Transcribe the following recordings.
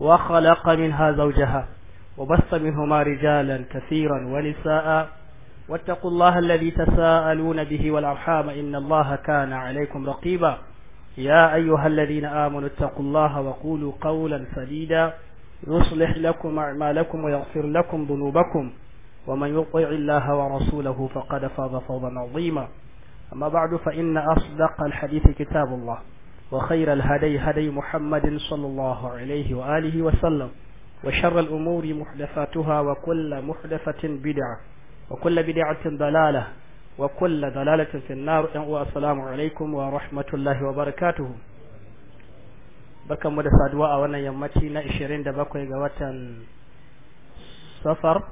وخلق منها زوجها وبث منهما رجالا كثيرا ونساء واتقوا الله الذي تساءلون به والأرحام إن الله كان عليكم رقيبا يا أيها الذين آمنوا اتقوا الله وقولوا قولا سديدا يصلح لكم أعمالكم ويغفر لكم ذنوبكم ومن يطع الله ورسوله فقد فاض فوضا عظيما أما بعد فإن أصدق الحديث كتاب الله وخير الهدي هدي محمد صلى الله عليه وآله وسلم وشر الأمور محدثاتها وكل محدثة بدعة وكل بدعة ضلالة وكل ضلالة في النار والسلام عليكم ورحمة الله وبركاته بكم da saduwa a wannan yammaci na 27 ga watan safar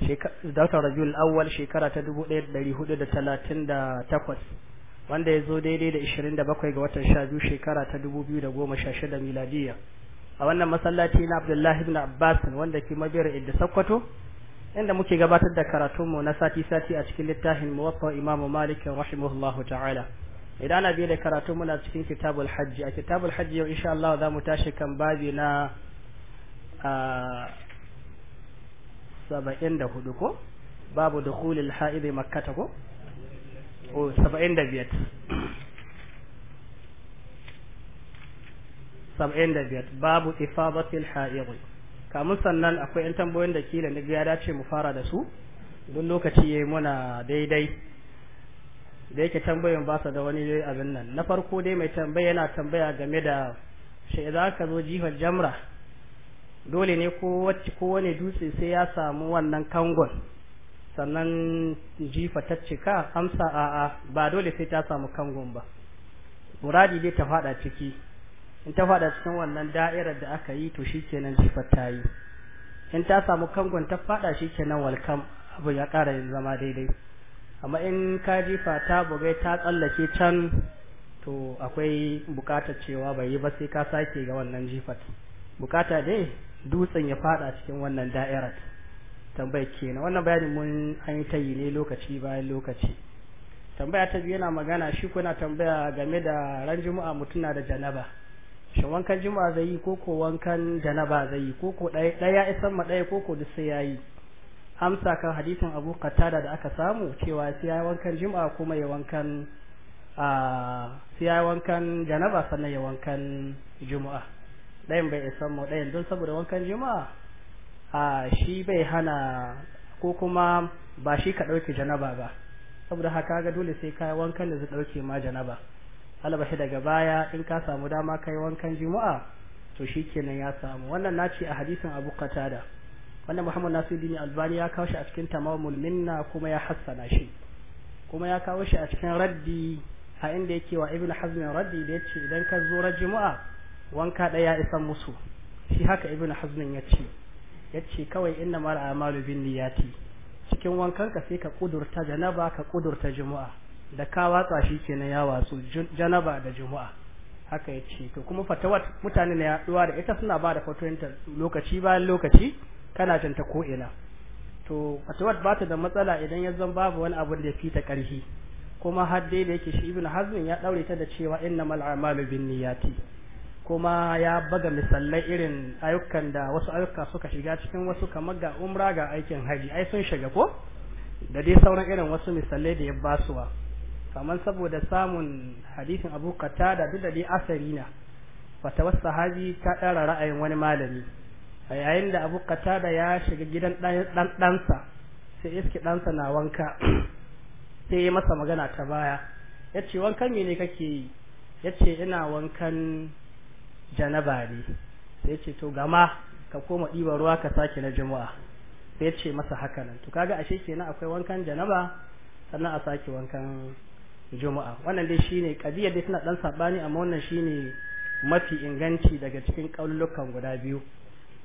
shekara da rabiul awwal shekara ta 1438 wanda ya zo daidai da 27 ga watan 12 shekara ta 2016 miladiya a wannan masallaci na Abdullahi ibn Abbas wanda ke mabiyar Idda Sokoto inda muke gabatar da karatun mu na sati-sati a cikin littafin Muwatta Imam Malik rahimahullahu ta'ala idan ana biye da mu na cikin Kitabul Hajji a Kitabul Hajji yau insha Allah za mu tashi kan babi na saba'in da ko babu dukhulil ha'idi makkata ko saba'in da biyar saba'in da babu ifadatil kamun sannan akwai yan tambayoyin da kila na ya dace mu fara da su don lokaci ya muna daidai da yake tambayoyin ba su da wani abin nan na farko dai mai tambaya yana tambaya game da shi idan aka zo jihar jamra dole ne ko wacce ko wani dutse sai ya samu wannan kangon sannan jifa ta cika amsa a'a ba dole sai ta samu kangon ba muradi dai ta fada ciki in ta fada cikin wannan da'irar da aka yi to shikenan jifa ta yi in ta samu kangon ta fada shikenan walkam abu ya kara yin zama daidai amma in ka jifa ta bugai ta tsallake can to akwai bukatar cewa bai yi ba sai ka sake ga wannan jifa bukata dai dutsen ya fada cikin wannan da'irar tambaya kenan wannan bayanin mun an yi tayi ne lokaci bayan lokaci tambaya ta biyu yana magana shi ko yana tambaya game da ran juma'a mutum na da janaba shin wankan juma'a zai yi ko ko wankan janaba zai yi ko ko ya isan ma ɗaya ko ko duk sai ya yi amsa kan hadisin Abu katada da aka samu cewa sai yi wankan juma'a kuma ya wankan a sai yi wankan janaba sannan ya wankan juma'a dayan bai isan mu dayan don saboda wankan juma'a a shi bai hana ko kuma ba shi ka ɗauke janaba ba saboda haka ga dole sai ka wankan da zai ɗauke ma janaba shi daga baya in ka samu dama kai wankan juma'a to shi kenan ya samu wannan na ce a hadisin abu qatada wannan muhammad nasiruddin albani ya kawo shi a cikin tamamul minna kuma ya hassana shi kuma ya kawo shi a cikin raddi a inda yake wa ibn hazm raddi da yace idan ka zo juma'a wanka daya isan musu shi haka ibn hazm ya ce Ya ce kawai inna mara amalu bin niyati cikin wankan ka sai ka kudurta janaba ka kudurta juma'a da ka watsa shi kenan ya watsu janaba da jumu'a haka ya ce to kuma fatawat mutane na yaduwa da ita suna ba da fatoyinta lokaci bayan lokaci kana janta ko ina to fatawat ba ta da matsala idan ya zan babu wani abu da ya fita karhi kuma har dai da yake shi ibn hazmin ya daure ta da cewa innamal a'malu bin niyati kuma ya baga misalai irin ayyukan da wasu ayyuka suka shiga cikin wasu kamar ga umra ga aikin haji ai sun shiga ko da dai sauran irin wasu misalai da ya basuwa kamar saboda samun hadisin abu da duk da dai asari na wasu sahabi ta ɗara ra'ayin wani malami a yayin da abu da ya shiga gidan ɗan ɗansa sai iske ɗansa na wanka sai ya masa magana ta baya ya ce wankan ne kake yi ya ce ina wankan janaba ne sai ce to gama ka koma ɗiba ruwa ka sake na juma'a sai ce masa haka nan to kaga ashe kenan akwai wankan janaba sannan a sake wankan juma'a wannan dai shine kadiyar dai tana dan sabani amma wannan shine mafi inganci daga cikin kaulukan guda biyu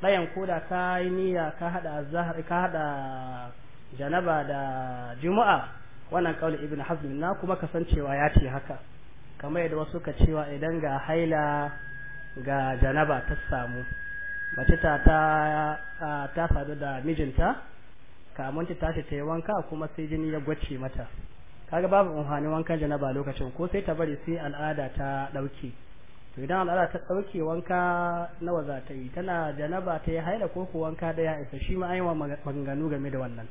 ɗayan koda ka yi niyya ka hada azhar ka hada janaba da juma'a wannan kaulin ibn hazm na kuma kasancewa ya ce haka kamar yadda wasu ka cewa idan ga haila ga janaba ta samu mace ta ta sadu da mijinta kamun ta tashi ta yi wanka kuma sai jini ya gwace mata kaga babu umhani wankan janaba lokacin ko sai ta bari sai al'ada ta dauke to idan al'ada ta dauke wanka nawa za ta yi tana janaba ta yi haila ko ko wanka daya isa shi ma ayi maganganu game da wannan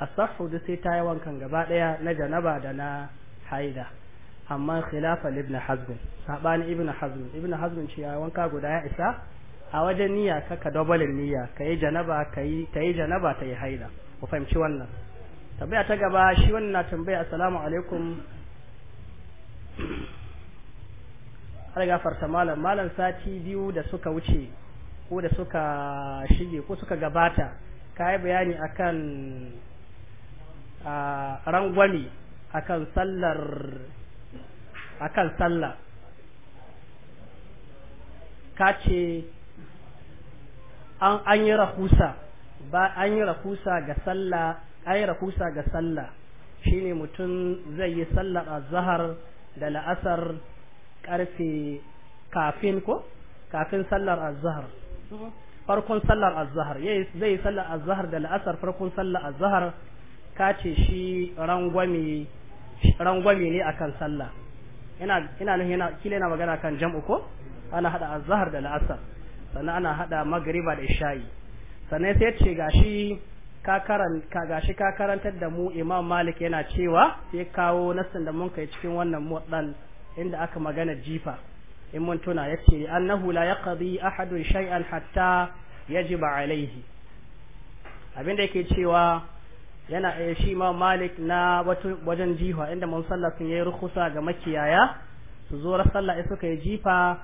asafu da sai ta yi wankan gaba daya na janaba da na haida amma khilafa ibn hazm sabani ibn hazm ibn hazm ce ya wanka guda ya isa a wajen niyya ka ka dabalin niyya kai janaba kai tayi janaba tayi haila ku fahimci wannan tambaya ta gaba shi wannan na tambaya assalamu alaikum har farta malam malam sati biyu da suka wuce ko da suka shige ko suka gabata ka bayani akan rangwami akan sallar akan sallah ka ce an an yi rahusa ba an yi rahusa ga sallah an yi rahusa ga sallah shine mutum zai yi sallar azhar da la'asar karfe kafin ko kafin sallar azhar farkon sallar azhar zai yi sallar azhar da la'asar farkon sallar azhar ka ce shi rangwame rangwame ne akan sallah ina ina nan yana kila yana magana kan jam'u ko ana hada azhar da al'asr sannan ana hada magriba da isha'i sannan sai ce gashi ka karan ka gashi ka karantar da mu Imam Malik yana cewa sai kawo nassin da mun kai cikin wannan muwaddal inda aka magana jifa in mun tuna yace annahu la yaqdi ahadun shay'an hatta yajiba alaihi abinda yake cewa yana iya eh, shi ma malik na wajen jiha inda mun sallah sun yi rukusa ga makiyaya su zo sallah ya suka yi jifa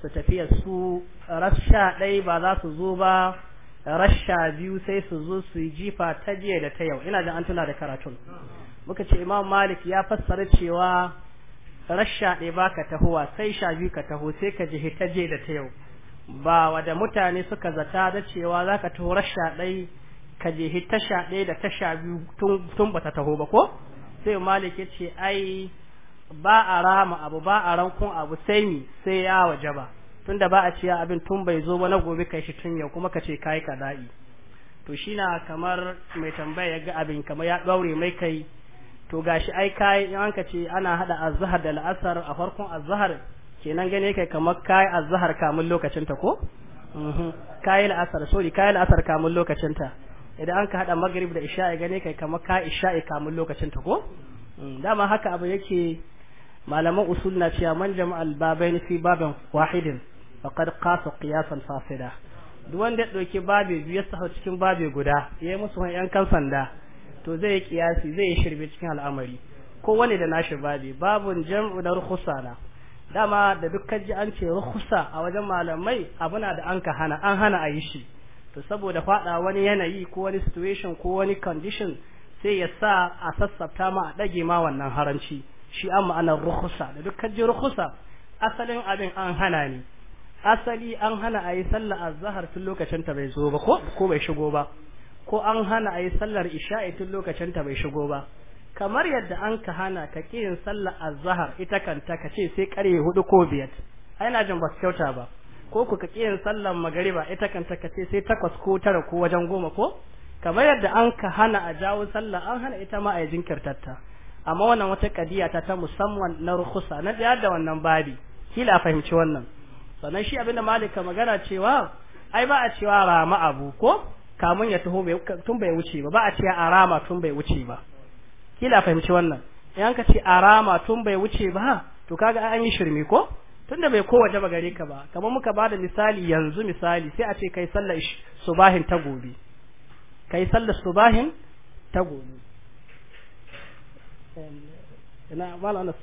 su tafiya su rasha ɗai ba za su zo ba rasha biyu sai su zo su yi jifa ta jiya da ta yau ina da an tuna da karatun muka ce imam malik ya fassara cewa rasha ɗai ba ka tahowa sai sha biyu ka taho sai ka jihi ta jiya da ta yau ba da mutane suka zata da cewa za ka taho rasha ɗai ka jehi tasha ɗaya da tasha biyu tun bata taho ba ko sai malik ya ce ai ba a rama abu ba a rankun abu sai mi sai ya waje ba tunda ba a ciya abin tun bai zo ba na gobe kai shi tun yau kuma ka ce kai da'i to shi na kamar mai tambaya ya ga abin kamar ya ɗaure mai kai to gashi ai kai in an ka ce ana hada azhar da la'asar a farkon azhar kenan gane kai kamar kai azhar kamun lokacin ta ko mhm. kayi la'asar sori kayi la'asar kamun lokacin idan an ka haɗa magrib da isha'i gane kai kama ka isha'i kamun lokacin ta ko mm, dama haka abu yake malaman usul na cewa man jama'al babain fi babin wahidin faqad qasa qiyasan fasida duk wanda ya dauki babe biyu ya saho cikin babe guda yayi musu yan kan sanda to zai kiyasi zai shirbe cikin al'amari ko wani da nashi babe babun jam'u da rukhsana dama da dukkan ji an ce rukhsa a wajen malamai abuna da an ka hana an hana a yi shi to saboda faɗa wani yanayi ko wani situation ko wani condition sai ya sa a sassafta ma a ɗage ma wannan haranci shi an ma'anar rukhsa da dukkan ji rukhsa asalin abin an hana ne asali an hana a yi sallar azahar tun lokacin ta bai zo ba ko ko bai shigo ba ko an hana a yi sallar isha'i tun lokacin ta bai shigo ba kamar yadda an ka hana ka kiyin sallar azahar ita kanta ka ce sai kare hudu ko biyar ai na jin ba kyauta ba ko ku ka kiyin sallan magariba ita kanta ta kace sai takwas ko tara ko wajen goma ko kamar yadda an ka hana a jawo sallah an hana ita ma a yi jinkirtarta amma wannan wata kadiya ta ta musamman na rukusa na da da wannan babi kila fahimci wannan sannan shi abinda malika magana cewa ai ba a cewa rama abu ko kamun ya taho tun bai wuce ba ba a cewa arama tun bai wuce ba kila fahimci wannan in ka ce arama tun bai wuce ba to kaga an yi shirme ko tunda bai kowace ba gare ka ba kamar muka bada misali yanzu misali sai a ce kai sallar subahin ta gobe kai sallar subahin ta gobe ina mala anas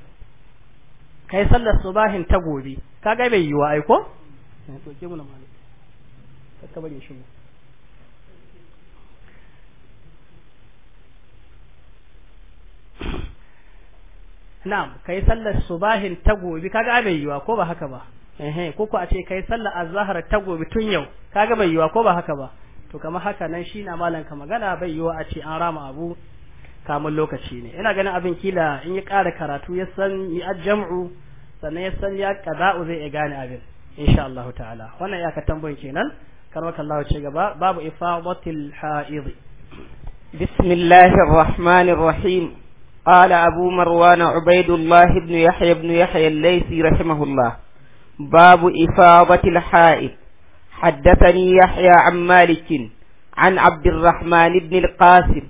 kai sallar subahin ta gobe ka kaga bai yi wa aiko to ke mu na malik kakka bari shi mu na'am kai sallar subahin ta gobe kaga bai yiwa ko ba haka ba eh ko ko a ce kai sallar azhar ta gobe tun yau kaga bai yiwa ko ba haka ba to kamar haka nan shi na malan ka magana bai yiwa a ce an rama abu kamun lokaci ne ina ganin abin kila in ya ƙara karatu ya san ni ajma'u sannan ya san ya qada'u zai gane abin insha Allah ta'ala wannan ya ka tambayin kenan karwaka Allah ce gaba babu ifadatil ha'id bismillahir rahmanir rahim قال أبو مروان عبيد الله بن يحيى بن يحيى الليثي رحمه الله باب إفاضة الحائط حدثني يحيى عن مالك عن عبد الرحمن بن القاسم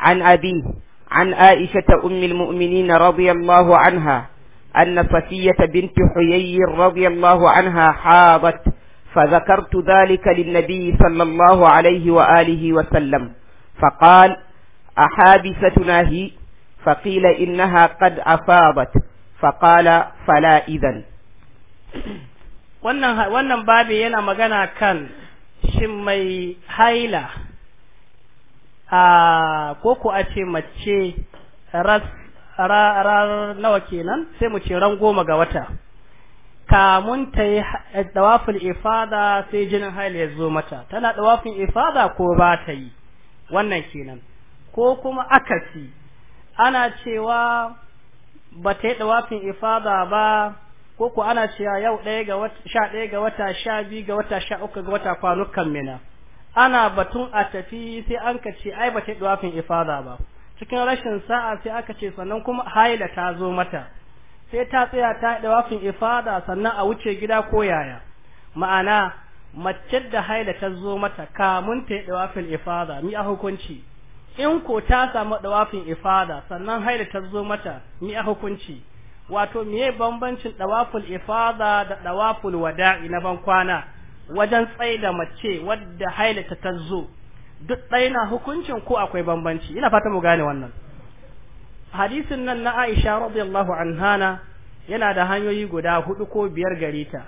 عن أبيه عن عائشة أم المؤمنين رضي الله عنها أن صفية بنت حيي رضي الله عنها حاضت فذكرت ذلك للنبي صلى الله عليه وآله وسلم فقال أحابستنا هي فقيل إنها قد أفاضت فقال فلا إذن wannan wannan babi yana magana kan shin mai haila a ko a ce mace ras nawa kenan sai mu ce ran goma ga wata kamun ta yi dawafin eh, ifada sai jinin haila ya zo mata tana dawafin ifada ko ba ta yi wannan kenan ko kuma akasi ana cewa ba ta yi ɗawafin ifada ba ko ko ana cewa yau ɗaya ga wata sha ɗaya ga wata sha biyu ga wata sha uku ga wata kwanukan mina ana batun a tafi sai an ka ce ai ba ta yi ɗawafin ifada ba cikin rashin sa'a sai aka ce sannan kuma haila ta zo mata sai ta tsaya ta yi ɗawafin ifada sannan a wuce gida ko yaya ma'ana mace da haila ta zo mata kamun ta yi ɗawafin ifada mi a hukunci in ko ta samu dawafin ifada sannan haila ta zo mata ni a hukunci wato meye bambancin dawaful ifada da dawaful wada'i na ban kwana wajen tsaida mace wadda haila ta tazo duk ɗaya na hukuncin ko akwai bambanci ina fata mu gane wannan hadisin nan na Aisha radiyallahu anha yana da hanyoyi guda hudu ko biyar gari ta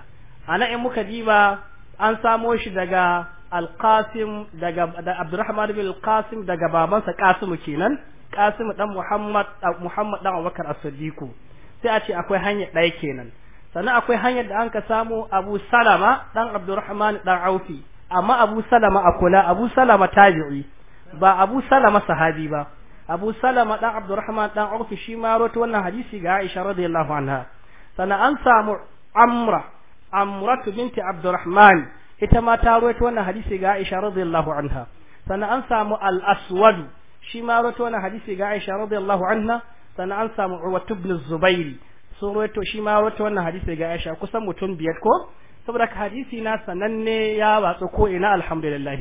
ana in muka diba an samo shi daga Al-Qasim daga da Abdurrahman bin Al-Qasim daga babansa Qasim kenan Qasim dan Muhammad Muhammad dan Abubakar As-Siddiq sai a ce akwai hanya ɗaya kenan sannan akwai hanyar da anka samu Abu Salama dan Abdurrahman dan Aufi amma Abu Salama akula Abu Salama tabi'i ba Abu Salama sahabi ba Abu Salama dan Abdurrahman dan Aufi shi ma rawaito wannan hadisi ga Aisha radiyallahu anha sannan an samu Amra Amratu binti Abdurrahman ita ma ta rawaito wannan hadisi ga Aisha radiyallahu anha sannan an samu al-Aswad shi ma rawaito wannan hadisi ga Aisha radiyallahu anha sannan an samu Urwat ibn Zubair sun rawaito shi ma rawaito wannan hadisi ga Aisha kusan mutum biyar ko saboda hadisi na sananne ya watsu ko ina alhamdulillah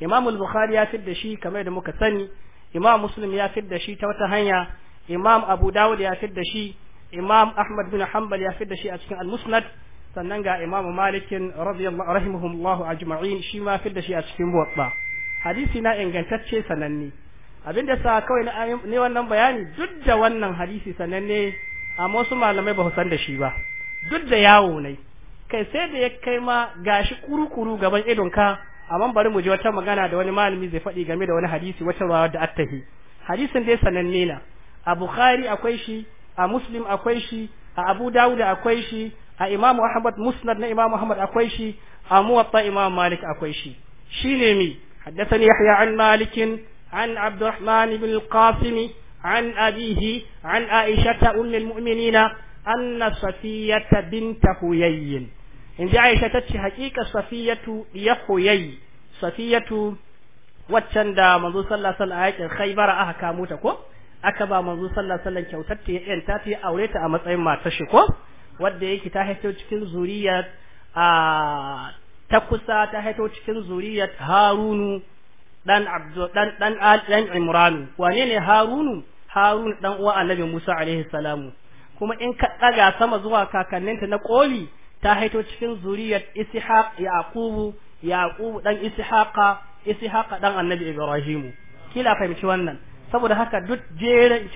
Imam al-Bukhari ya fidda shi kamar da muka sani Imam Muslim ya fidda shi ta wata hanya Imam Abu Dawud ya fidda shi Imam Ahmad bin Hanbal ya fidda shi a cikin al-Musnad sannan ga Imam malikin radiyallahu a ajma'in shi ma fidda shi a cikin muwatta hadisi na ingantacce sananne abinda sa kawai ne wannan bayani duk da wannan hadisi sananne amma wasu malamai ba san da shi ba duk da yawo ne kai sai da ya kai ma gashi kurukuru gaban idonka amma bari mu ji wata magana da wani malami zai faɗi game da wani hadisi wata rawa da attahi hadisin dai sananne na a bukhari akwai shi a muslim akwai shi a abu dawud akwai shi a Imam Ahmad Musnad na Imam Ahmad akwai shi a Muwatta Imam Malik akwai shi shine mi haddathani Yahya an Malik an Abdurrahman ibn al-Qasim an abihi an Aisha ummi al-mu'minin anna Safiyata bint Huyay in ji Aisha tace Safiyatu ya Huyay Safiyatu waccan da manzo sallallahu alaihi wasallam a Khaybar aka kamuta ko aka ba manzo sallallahu alaihi wasallam kyautar ta ya yanta ta aure ta a matsayin matar shi ko wadda yake ta haito cikin zuriyar a ta kusa ta haito cikin zuriyar harunu dan abdu dan dan dan imranu wane ne harunu harun dan uwa annabi musa alaihi salamu kuma in ka daga sama zuwa kakanninta na koli ta haito cikin zuriyar ishaq yaqub yaqub dan ishaqa ishaqa dan annabi ibrahimu kila fahimci wannan saboda haka duk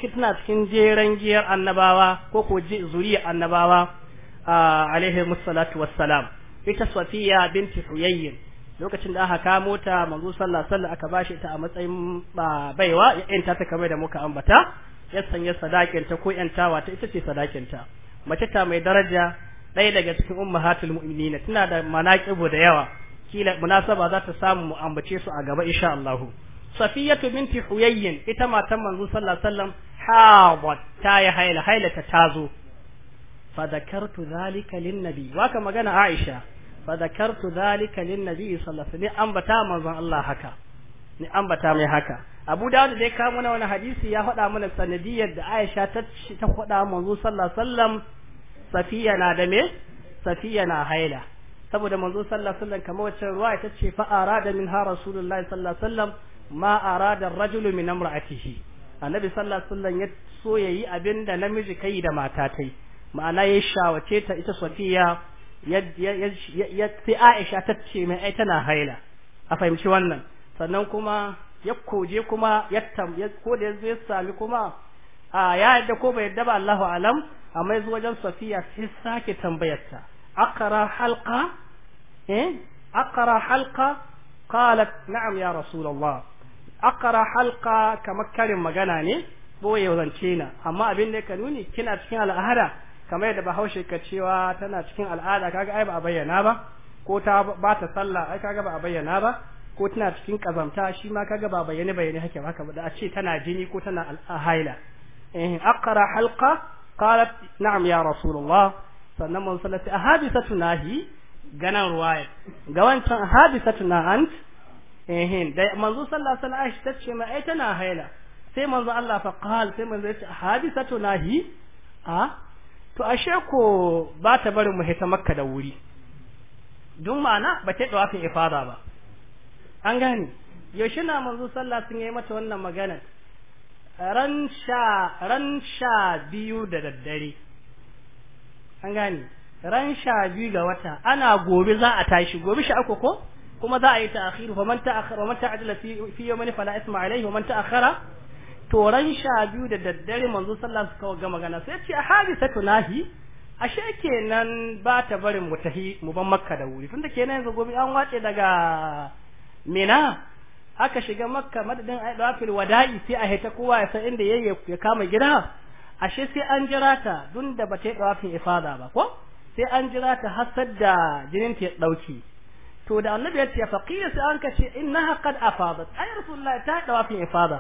shi tana cikin jeren giyar annabawa ko ko zuriya annabawa alaihi musallatu wassalam ita safiya binti huyayyin lokacin da aka kamo ta manzo sallallahu alaihi aka bashi ta a matsayin baiwa yan ta ta kamar da muka ambata ya sanya sadakin ta ko yan tawa ta ita ce sadakin ta mace ta mai daraja ɗaya daga cikin ummahatul mu'minin tana da manaqibu da yawa kila munasaba za ta samu mu ambace su a gaba insha Allah safiyatu minti huyayyin ita matan manzo sallallahu alaihi wasallam hawa ta yi haila haila ta tazo fa zakartu zalika lin nabi waka magana aisha fa zakartu zalika lin nabi sallallahu alaihi wasallam ambata manzon Allah haka ni ambata mai haka Abu Dawud dai ka mana wani hadisi ya faɗa mana sanadiyar da Aisha ta ta faɗa manzo sallallahu alaihi wasallam safiya na da me safiya na haila saboda manzo sallallahu alaihi wasallam kamar wacce ruwa ita ce fa arada minha rasulullahi sallallahu alaihi wasallam ma arada rajulu min imra'atihi annabi sallallahu alaihi wasallam ya so yayi abinda namiji kai da mata tai ma'ana ya shawace ta ita safiya ya ya sai Aisha ta ce mai ai tana haila a fahimci wannan sannan kuma ya koje kuma ya ko da yanzu ya sami kuma a ya yadda ko bai yadda ba Allahu alam amma yanzu wajen safiya sai sake tambayarta aqra halqa eh aqra halqa qalat na'am ya rasulullah akara halka kamar karin magana ne boye zance na amma abin da ka nuni kina cikin al'ada kamar yadda bahaushe ka cewa tana cikin al'ada kaga ai ba a bayyana ba ko ta ba ta sallah ai kaga ba a bayyana ba ko tana cikin kazamta shi ma kaga ba bayyane bayyane hake haka ba da a ce tana jini ko tana al'ahaila eh akara halka qalat na'am ya rasulullah sannan mun sallati ahadisatu nahi ganan ruwaya ga wancan ahadisatu na ant ehin da manzo sallallahu alaihi wasallam ta ce ma ai tana haila sai manzo Allah fa qal sai manzo ya ce hadisatu nahi a to ashe ko ba ta barin mu hita makka da wuri dun ma'ana ba ta da wafin ifada ba an gane yaushe na manzo sallah sun yi mata wannan magana ran sha ran sha biyu da daddare an gane ran sha biyu ga wata ana gobe za a tashi gobe sha uku ko kuma za a yi ta'akhiru faman ta'akhara wa man ta'ajjala fi yawmin fala isma alayhi wa man ta'akhara to ran sha biyu da daddare manzo sallallahu alaihi wasallam ga magana sai ce hadisatu tunahi ashe kenan ba ta barin mu tahi mu ban makka da wuri tunda kenan yanzu gobe an wace daga mina aka shiga makka madadin aidafil wada'i sai a haita kowa ya san inda yayi ya kama gida ashe sai an jira ta dun da bata yi dawafin ifada ba ko sai an jira ta hasar da jinin ta ya dauke to da annabi ya ce faqila sai an kace innaha qad afadat ay rasulullahi ta dawa fi ifada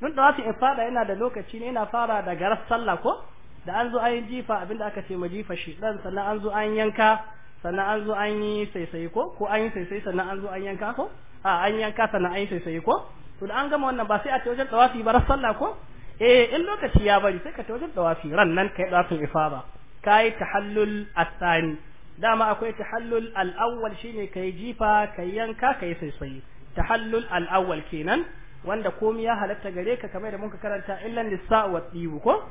dun dawa fi ifada yana da lokaci ne yana fara daga garas sallah ko da an zo an jifa abinda aka ce majifa shi dan sannan an zo an yanka sannan an zo an yi saisaye ko ko an yi saisaye sannan an zo an yanka ko a an yanka sannan an yi saisaye ko to da an gama wannan ba sai a ce wajen dawafi ba sallah ko eh in lokaci ya bari sai ka ta wajen dawafi ran nan kai dawafin ifada kai tahallul asani dama akwai tahallul al shine kai jifa kai yanka kai saisayi tahallul al kenan wanda komai ya halatta gare ka kamar da muka karanta illan nisa'u wa tibu ko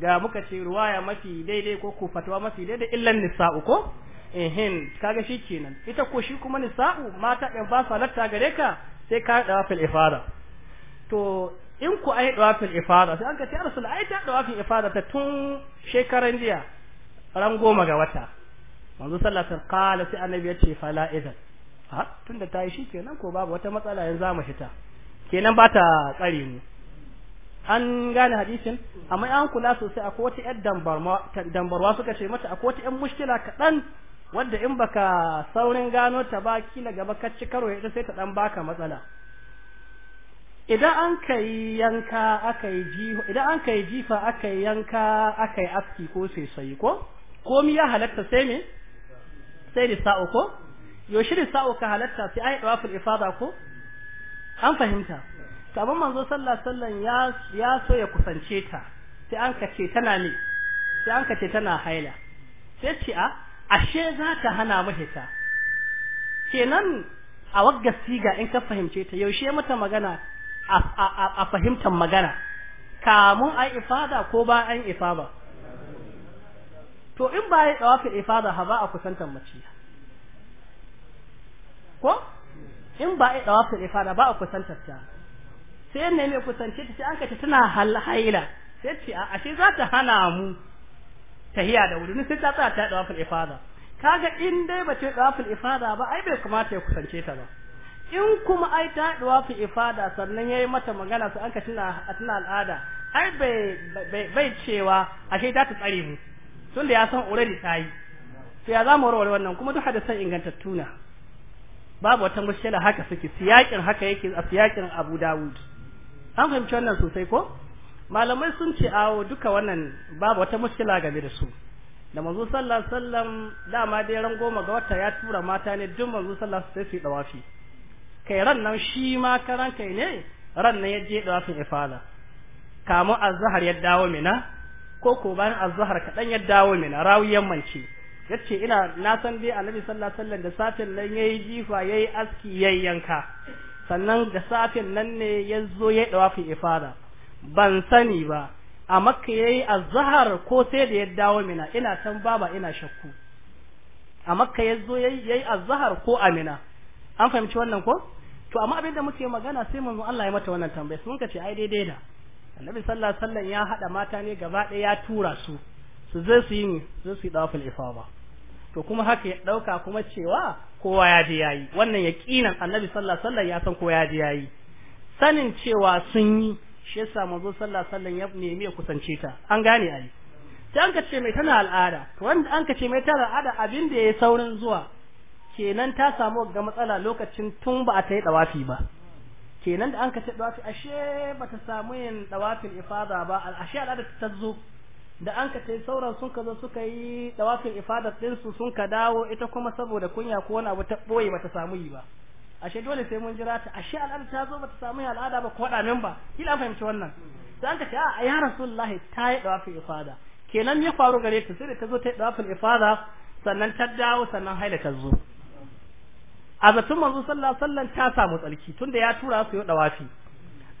ga muka ce ruwaya mafi daidai ko ku fatwa mafi daidai illan nisa'u ko ehin kaga shi kenan ita ko shi kuma nisa'u mata ɗan ba su halatta gare ka sai ka dawa fil ifada to in ku ai dawa fil ifada sai an ka ce rasul ai ta dawa fil ifada ta tun shekaran jiya ran goma ga wata manzo sallallahu alaihi wasallam sai annabi ya ce fala idan ha tunda tayi shi kenan ko babu wata matsala yanzu za mu fita kenan ba ta tsare mu an gane hadisin amma an kula sosai akwai wata yar dambarwa suka ce mata akwai wata yan mushkila kaɗan wanda in baka saurin gano ta ba kila gaba ka ci karo ita sai ta ɗan baka matsala idan an kai yanka aka yi jifa idan an kai jifa aka yanka aka yi aski ko sai sai ko komi ya halatta sai me sai risa'u ko yaushe risa'u ka halatta sai ai dawaful ifada ko an fahimta sabon manzo sallallahu alaihi wasallam ya ya so ya kusance ta sai an kace tana ne sai an kace tana haila sai ce a ashe za ta hana mu hita kenan a wagga siga in ka fahimce ta yaushe mata magana a fahimtar magana kamun ai ifada ko ba an ifaba to in ba ya tsawafin ifada ha ba a kusantar mace ko in ba ya tsawafin ifada ba a kusantar ta sai yanne mai kusance ta ce an kace tana haila sai ce a ashe za ta hana mu hiya da wuri sai ta tsaya ta tsawafin ifada kaga in dai ba ta tsawafin ifada ba ai bai kamata ya kusance ta ba in kuma ai ta tsawafin ifada sannan yayi mata magana su an kace tana al'ada ai bai bai cewa ashe za ta tsare mu tunda ya san already ta yi to ya zama warware wannan kuma duk hadisan ingantattu na babu wata mushkila haka suke siyakin haka yake a siyakin Abu Dawud an fahimci wannan sosai ko malamai sun ce awo duka wannan babu wata mushkila game da su da manzo sallallahu alaihi wasallam dama dai ran goma ga wata ya tura mata ne duk manzo sallallahu alaihi wasallam sai dawafi kai ran nan shi ma karan ne ran nan ya je dawafin ifala kamu azhar ya dawo mina ko ko bayan azhar kaɗan ya dawo mina rawiyan mance yace ina na san dai annabi sallallahu alaihi wasallam da safin nan yayi jifa yayi aski yayi yanka sannan da safin nan ne yazo yayi ya ifada ban sani ba a makka yayi azhar ko sai da ya dawo mina ina san baba ina shakku a makka ya yayi yayi azhar ko amina an fahimci wannan ko to amma abinda muke magana sai manzo Allah ya mata wannan tambaya sun ka ce ai daidai da annabi sallallahu alaihi wasallam ya hada mata ne gaba ɗaya ya tura su su zai su yi zai su yi dawaful to kuma haka ya dauka kuma cewa kowa ya ji yayi wannan yaqinan annabi sallallahu alaihi wasallam ya san kowa ya ji yayi sanin cewa sun yi shi yasa manzo sallallahu alaihi wasallam ya nemi ya kusance ta an gane ai sai an kace mai tana al'ada to wanda an kace mai tana al'ada abin da yayi saurin zuwa kenan ta samu ga matsala lokacin tun ba a ta yi dawafi ba kenan da an ka ce dawafi ashe ta samu yin dawafin ifada ba ashe al'ada ta tazo da an ka ce sauran sun ka zo suka yi dawafin ifada din su sun ka dawo ita kuma saboda kunya ko wani abu ta boye bata samu yi ba ashe dole sai mun jira ta ashe al'ada ta zo bata samu yin al'ada ba ko da min ba kila fahimci wannan da an ka ce a ya rasulullahi ta yi dawafin ifada kenan ya faru gare ta sai da ta zo ta yi dawafin ifada sannan ta dawo sannan haila ta zo a zatun manzo sallallahu alaihi wasallam ta samu tsarki tunda ya tura su yi dawafi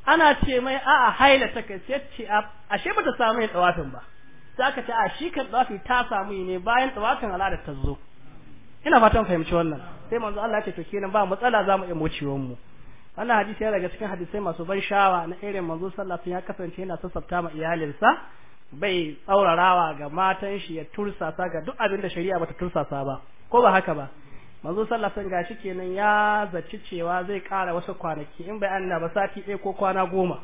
ana ce mai a haila ta kai sai ce ashe bata samu yin dawafin ba sai ka ce a shi kan dawafi ta samu ne bayan dawafin al'adar ta zo ina fatan fahimci wannan sai manzo Allah ya ce to kenan ba matsala zamu iya mocewar mu ana hadisi yana daga cikin hadisai masu ban shawa na irin manzo sallallahu alaihi wasallam ya kasance yana sassafta ma iyalinsa bai tsaurarawa ga matan shi ya tursasa ga duk abin da shari'a bata tursasa ba ko ba haka ba manzo sallafin gashi kenan ya zaci cewa zai kara wasu kwanaki in bai anna ba sati ɗaya ko kwana goma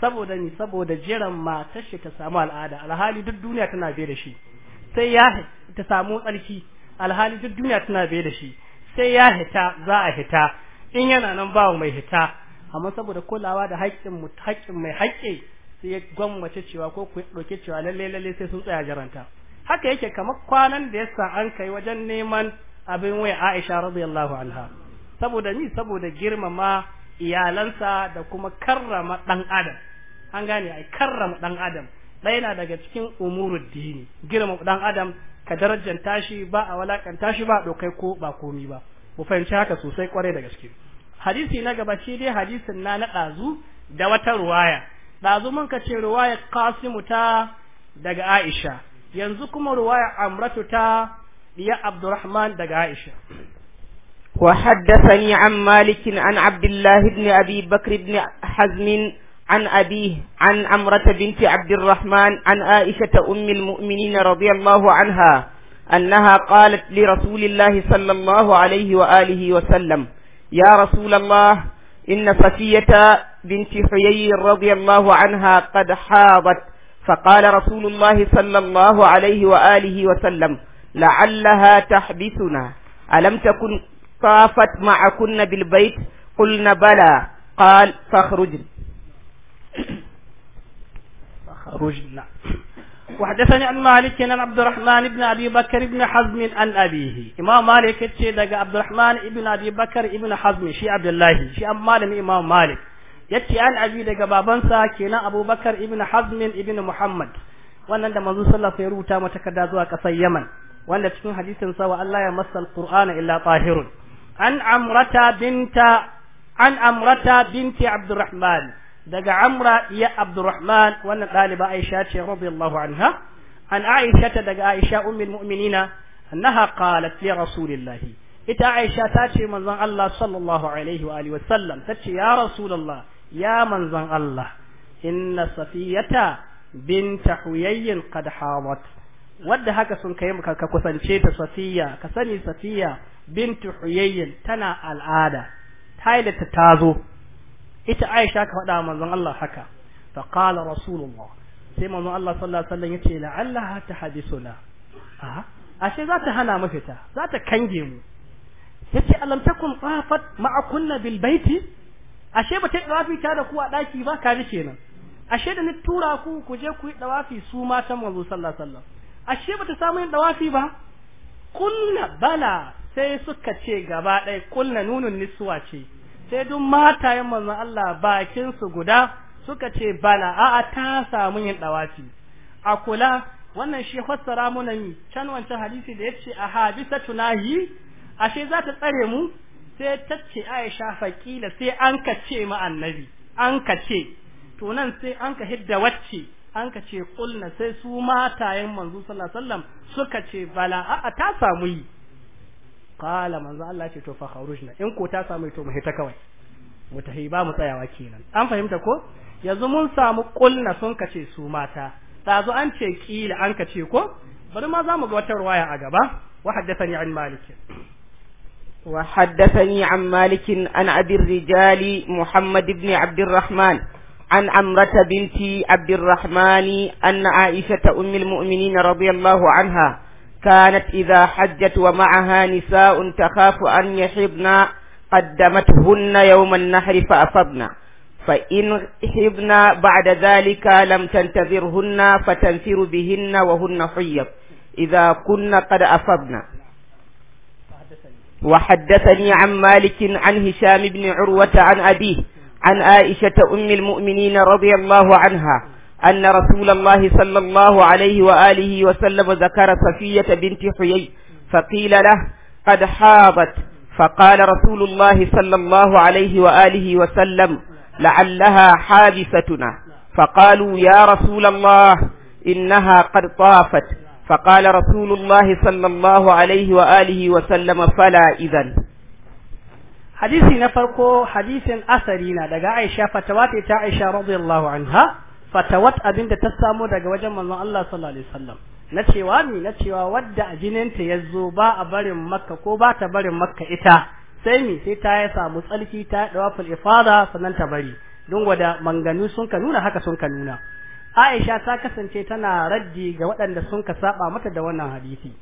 saboda ni saboda jiran matar shi ta samu al'ada alhali duk duniya tana bai da shi sai ya ta samu tsarki alhali duk duniya tana bai da shi sai ya hita za a hita in yana nan bawa mai hita amma saboda kulawa da haƙƙin haƙƙin mai haƙƙi sai ya gwammace cewa ko ku ɗauke cewa lalle lalle sai sun tsaya jaranta haka yake kamar kwanan da yasa an kai wajen neman abin waya Aisha radiyallahu anha saboda ni saboda girmama iyalansa da kuma karrama dan adam an gane ai karrama dan adam ɗaya na daga cikin umurud dini girma dan adam ka darajar tashi ba a walakanta shi ba dokai ko ba komi ba mu fahimci haka sosai kware da gaske hadisi na gaba shi dai hadisin na na ɗazu da wata ruwaya ɗazu mun ka ce ruwaya kasimu ta daga aisha yanzu kuma ruwaya amratu ta يا عبد الرحمن دقا عائشة وحدثني عن مالك عن عبد الله بن أبي بكر بن حزم عن أبيه عن عمرة بنت عبد الرحمن عن عائشة أم المؤمنين رضي الله عنها أنها قالت لرسول الله صلى الله عليه وآله وسلم يا رسول الله إن صفية بنت حيي رضي الله عنها قد حاضت فقال رسول الله صلى الله عليه وآله وسلم لعلها تحبسنا ألم تكن طافت معكن بالبيت قلنا بلى قال فاخرجن فاخرجن وحدثني عن مالك عن عبد الرحمن بن ابي بكر بن حزم عن ابيه امام مالك يتشي دغ عبد الرحمن بن ابي بكر بن حزم شي عبد الله شي ام مالك امام مالك yace an abi daga babansa kenan Abubakar ibn Hazm ibn Muhammad wannan da manzo sallallahu alaihi wasallam ya rubuta mata kada zuwa kasar Yaman wanda cikin hadisin sa wa Allah ya masal qur'ana illa tahirun an amrata binta an amrata binti abdurrahman daga amra ya abdurrahman wannan daliba aisha ce radiyallahu anha an aisha daga aisha ummul mu'minina annaha qalat li rasulillahi ita aisha ta ce manzon Allah sallallahu alaihi wa alihi wasallam ta ce ya rasulullah ya manzon Allah inna safiyata binta huyayyin qad hamat wadda haka sun kai mu ka kusance ta safiya ka sani safiya bintu huyayyin tana al'ada haila ta tazo ita aisha ka faɗa manzon Allah haka fa qala rasulullah sai manzon Allah sallallahu alaihi Allah yace la'allaha tahdisuna a ashe za ta hana mafita za ta kange mu yace alam takun qafat ma'akunna bil baiti ashe ba ta dawafi ta da ku a daki ba ka ji kenan ashe da ni tura ku ku je ku yi dawafi su matan manzo sallallahu alaihi wasallam ashe bata samu yin dawafi ba kulna bala sai suka ce gaba ɗaya kulna nunun niswa ce sai duk matayen manzon Allah bakin su guda suka ce bala a'a ta samu yin dawafi a kula wannan shi fassara muna can wancan hadisi da yace a hadisa tunahi ashe za ta tsare mu sai ta ce Aisha faƙila sai an kace ma annabi an kace to nan sai an ka hidda wacce an ka ce kulna sai su matayen manzo sallallahu alaihi wasallam suka ce bala a ta samu yi qala manzo Allah ce to fa kharujna in ko ta samu to mu hita kawai mu tahi ba mu tsayawa kenan an fahimta ko yanzu mun samu kulna sun ka ce su mata tazo an ce kila an ka ce ko bari ma za mu ga wata ruwaya a gaba wa haddathani an malik Wa عن مالك عن أبي الرجال rijali Muhammad Ibn الرحمن عن عمرة بنت عبد الرحمن أن عائشة أم المؤمنين رضي الله عنها كانت إذا حجت ومعها نساء تخاف أن يحبن قدمتهن يوم النحر فأفضن فإن حبن بعد ذلك لم تنتظرهن فتنفر بهن وهن حيض إذا كن قد أفضن وحدثني عن مالك عن هشام بن عروة عن أبيه عن عائشة أم المؤمنين رضي الله عنها أن رسول الله صلى الله عليه وآله وسلم ذكر صفية بنت حيي فقيل له قد حاضت فقال رسول الله صلى الله عليه وآله وسلم لعلها حابستنا فقالوا يا رسول الله إنها قد طافت فقال رسول الله صلى الله عليه وآله وسلم فلا إذن hadisi na farko hadisin asari na daga Aisha fatawat ta Aisha radiyallahu anha fatawat abinda ta samu daga wajen manzon Allah sallallahu alaihi wasallam na cewa mi na cewa wadda ajininta ya zo ba a barin makka ko ba ta barin makka ita sai mi sai ta ya samu tsalki ta fil ifada sannan ta bari don gwada manganu sun ka nuna haka sun ka nuna Aisha ta kasance tana raddi ga waɗanda sun ka saba mata da wannan hadisi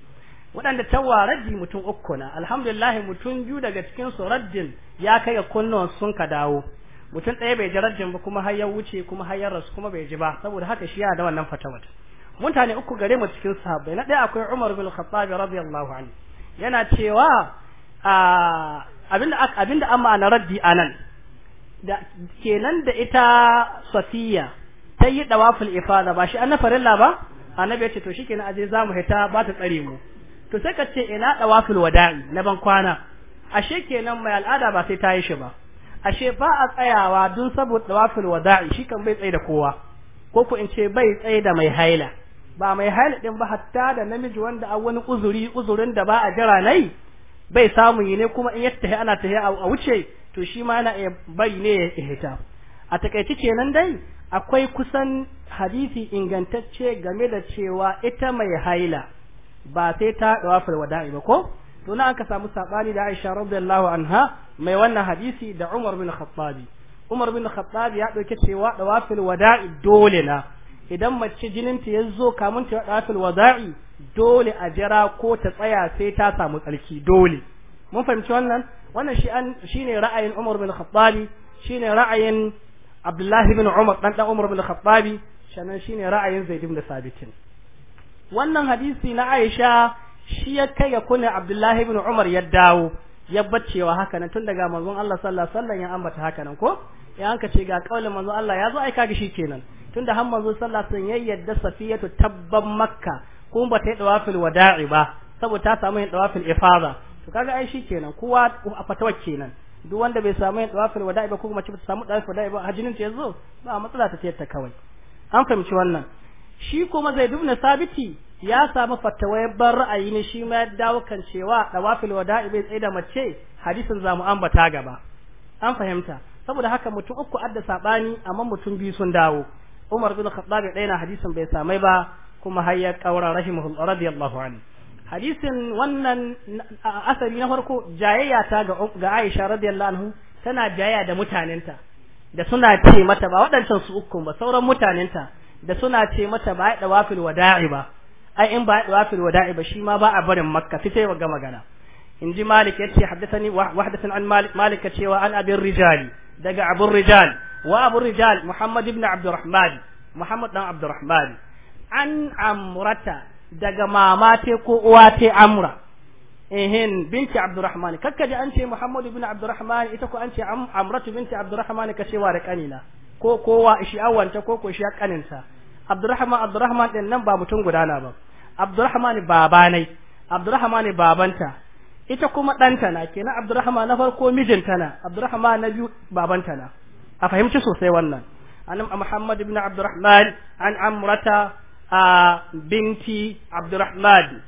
waɗanda tawa raddi mutum uku na alhamdulillah mutum biyu daga cikin su raddin ya kai ga kunnuwan sun ka dawo mutum ɗaya bai ji raddin ba kuma har wuce kuma har rasu kuma bai ji ba saboda haka shi ya da wannan fatawat mutane uku gare mu cikin sahabbai na ɗaya akwai Umar bin Khattab radiyallahu anhu yana cewa a abinda abinda an ma'ana raddi anan da kenan da ita Safiya ta yi dawaful ifada ba shi na la ba annabi ya ce to shikenan aje zamu hita ba ta tsare mu to sai ka ce ina dawafil wada'i na ban kwana ashe kenan mai al'ada ba sai ta yi shi ba ashe ba a tsayawa dun saboda wafil wada'i shi kan bai tsaye da kowa ko ku in ce bai tsaye da mai haila ba mai haila din ba hatta da namiji wanda a wani uzuri uzurin da ba a jira nai bai samu yi ne kuma in ya tahi ana tahi a wuce to shi ma yana bai ne ya ihita a takaice kenan dai akwai kusan hadisi ingantacce game da cewa ita mai haila ba sai ta dawaful wada'i ba ko to na aka samu sabani da Aisha radiyallahu anha mai wannan hadisi da Umar bin Khattabi Umar bin Khattabi ya dauke cewa dawaful wada'i dole na idan mace jininta ya zo kamun ta dawaful wada'i dole a jira ko ta tsaya sai ta samu tsarki dole mun fahimci wannan wannan shi an shine ra'ayin Umar bin Khattabi shine ra'ayin Abdullahi bin Umar dan dan Umar bin Khattabi sannan shine ra'ayin Zaid bin Sabit wannan hadisi na Aisha shi ya kai ya kunin Abdullahi ibn Umar ya dawo ya baccewa haka nan tun daga manzon Allah sallallahu alaihi wasallam ya ambata haka nan ko ya anka ce ga kaulin manzon Allah ya zo aika ga shi kenan tunda har manzon sallallahu alaihi wasallam ya yadda Safiyatu tabban Makka kuma ba ta yi dawafil wada'i ba saboda ta samu yin dawafil ifada to kaga ai shi kenan kowa a fatawa kenan duk wanda bai samu yin dawafil wada'i ba ko kuma ci ba ta samu dawafil wada'i ba hajjinin ta yazo ba matsala ta ce ta kawai an fahimci wannan shi kuma zai dubna sabiti ya samu fatawayar ban ra'ayi ne shi ma ya dawo kan cewa dawafil wada'i bai tsaye da mace hadisin zamu ambata gaba an fahimta saboda haka mutum uku adda sabani amma mutum biyu sun dawo Umar bin Khattab ɗaya daina hadisin bai samai ba kuma har ya kaura rahimahullah radiyallahu anhu hadisin wannan asali na farko jayayya ta ga um, ga Aisha radiyallahu anhu tana jayayya da mutanenta da suna ce mata ba waɗancan su uku ba sauran mutanenta da suna ce mata ba da wafil wada'i ba ai in ba da wafil wada'i ba shi ma ba a barin makka fitai wa gama gana in ji malik yace haddathani wahdathan an malik malik cewa an abin rijal daga abun rijal wa abun rijal muhammad ibn abdurrahman muhammad dan abdurrahman an amrata daga mama te ko uwa te amra ehin binti abdurrahman kakkaji an ce muhammad ibn abdurrahman ita ko an ce amratu binti abdurrahman ka cewa da kanina. ko kowa shi awanta ko ko shi kaninta Abdurrahman Abdurrahman din nan ba mutum gudana ba Abdurrahman babanai Abdurrahman babanta ita kuma ɗanta na kenan Abdurrahman na farko mijinta na Abdurrahman na biyu babanta na a fahimci sosai wannan an Muhammad ibn Abdurrahman an Amrata a binti Abdurrahman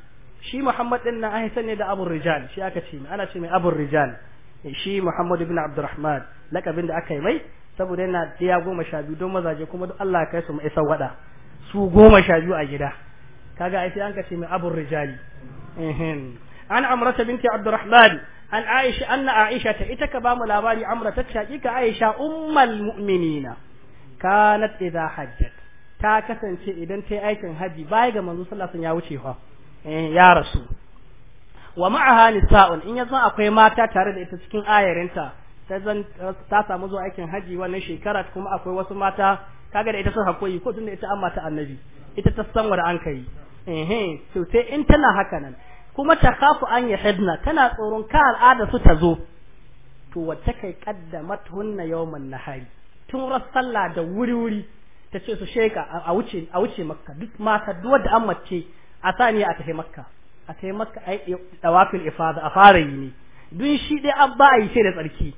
shi Muhammad din nan an sani da Abu Rijal shi aka ce ana ce mai Abu Rijal shi Muhammad ibn Abdurrahman lakabin da aka yi mai saboda yana iya goma sha biyu don mazaje kuma duk Allah kai su isa wada su goma sha biyu a gida kaga ai sai an kace mai abun rijali an amrata binti abdurrahman an aisha anna aisha ta ita ka ba mu labari amra ta ka aisha ummul mu'minina kanat idha hajjat ta kasance idan ta aikin haji baya ga manzo sallallahu alaihi wasallam ya wuce fa eh, ya rasu wa ma'aha nisa'un in yanzu akwai mata tare da ita cikin ayarinta ta zan eh, ta samu zuwa aikin haji wannan shekara kuma akwai wasu mata kaga da ita sun hakoyi ko tunda ita amma ta annabi ita ta san wani an kai eh to sai in tana haka nan kuma ta kafu an yi tana tsoron ka al'ada su ta zo to wacce kai kaddamat hunna yawman nahari tun sallah da wuri wuri ta ce su sheka a wuce a wuce makka duk mata duk wanda an mace a sani a tafi makka a tafi makka ai dawafil ifada a fara yi ne dun shi dai an ba a yi sai da tsarki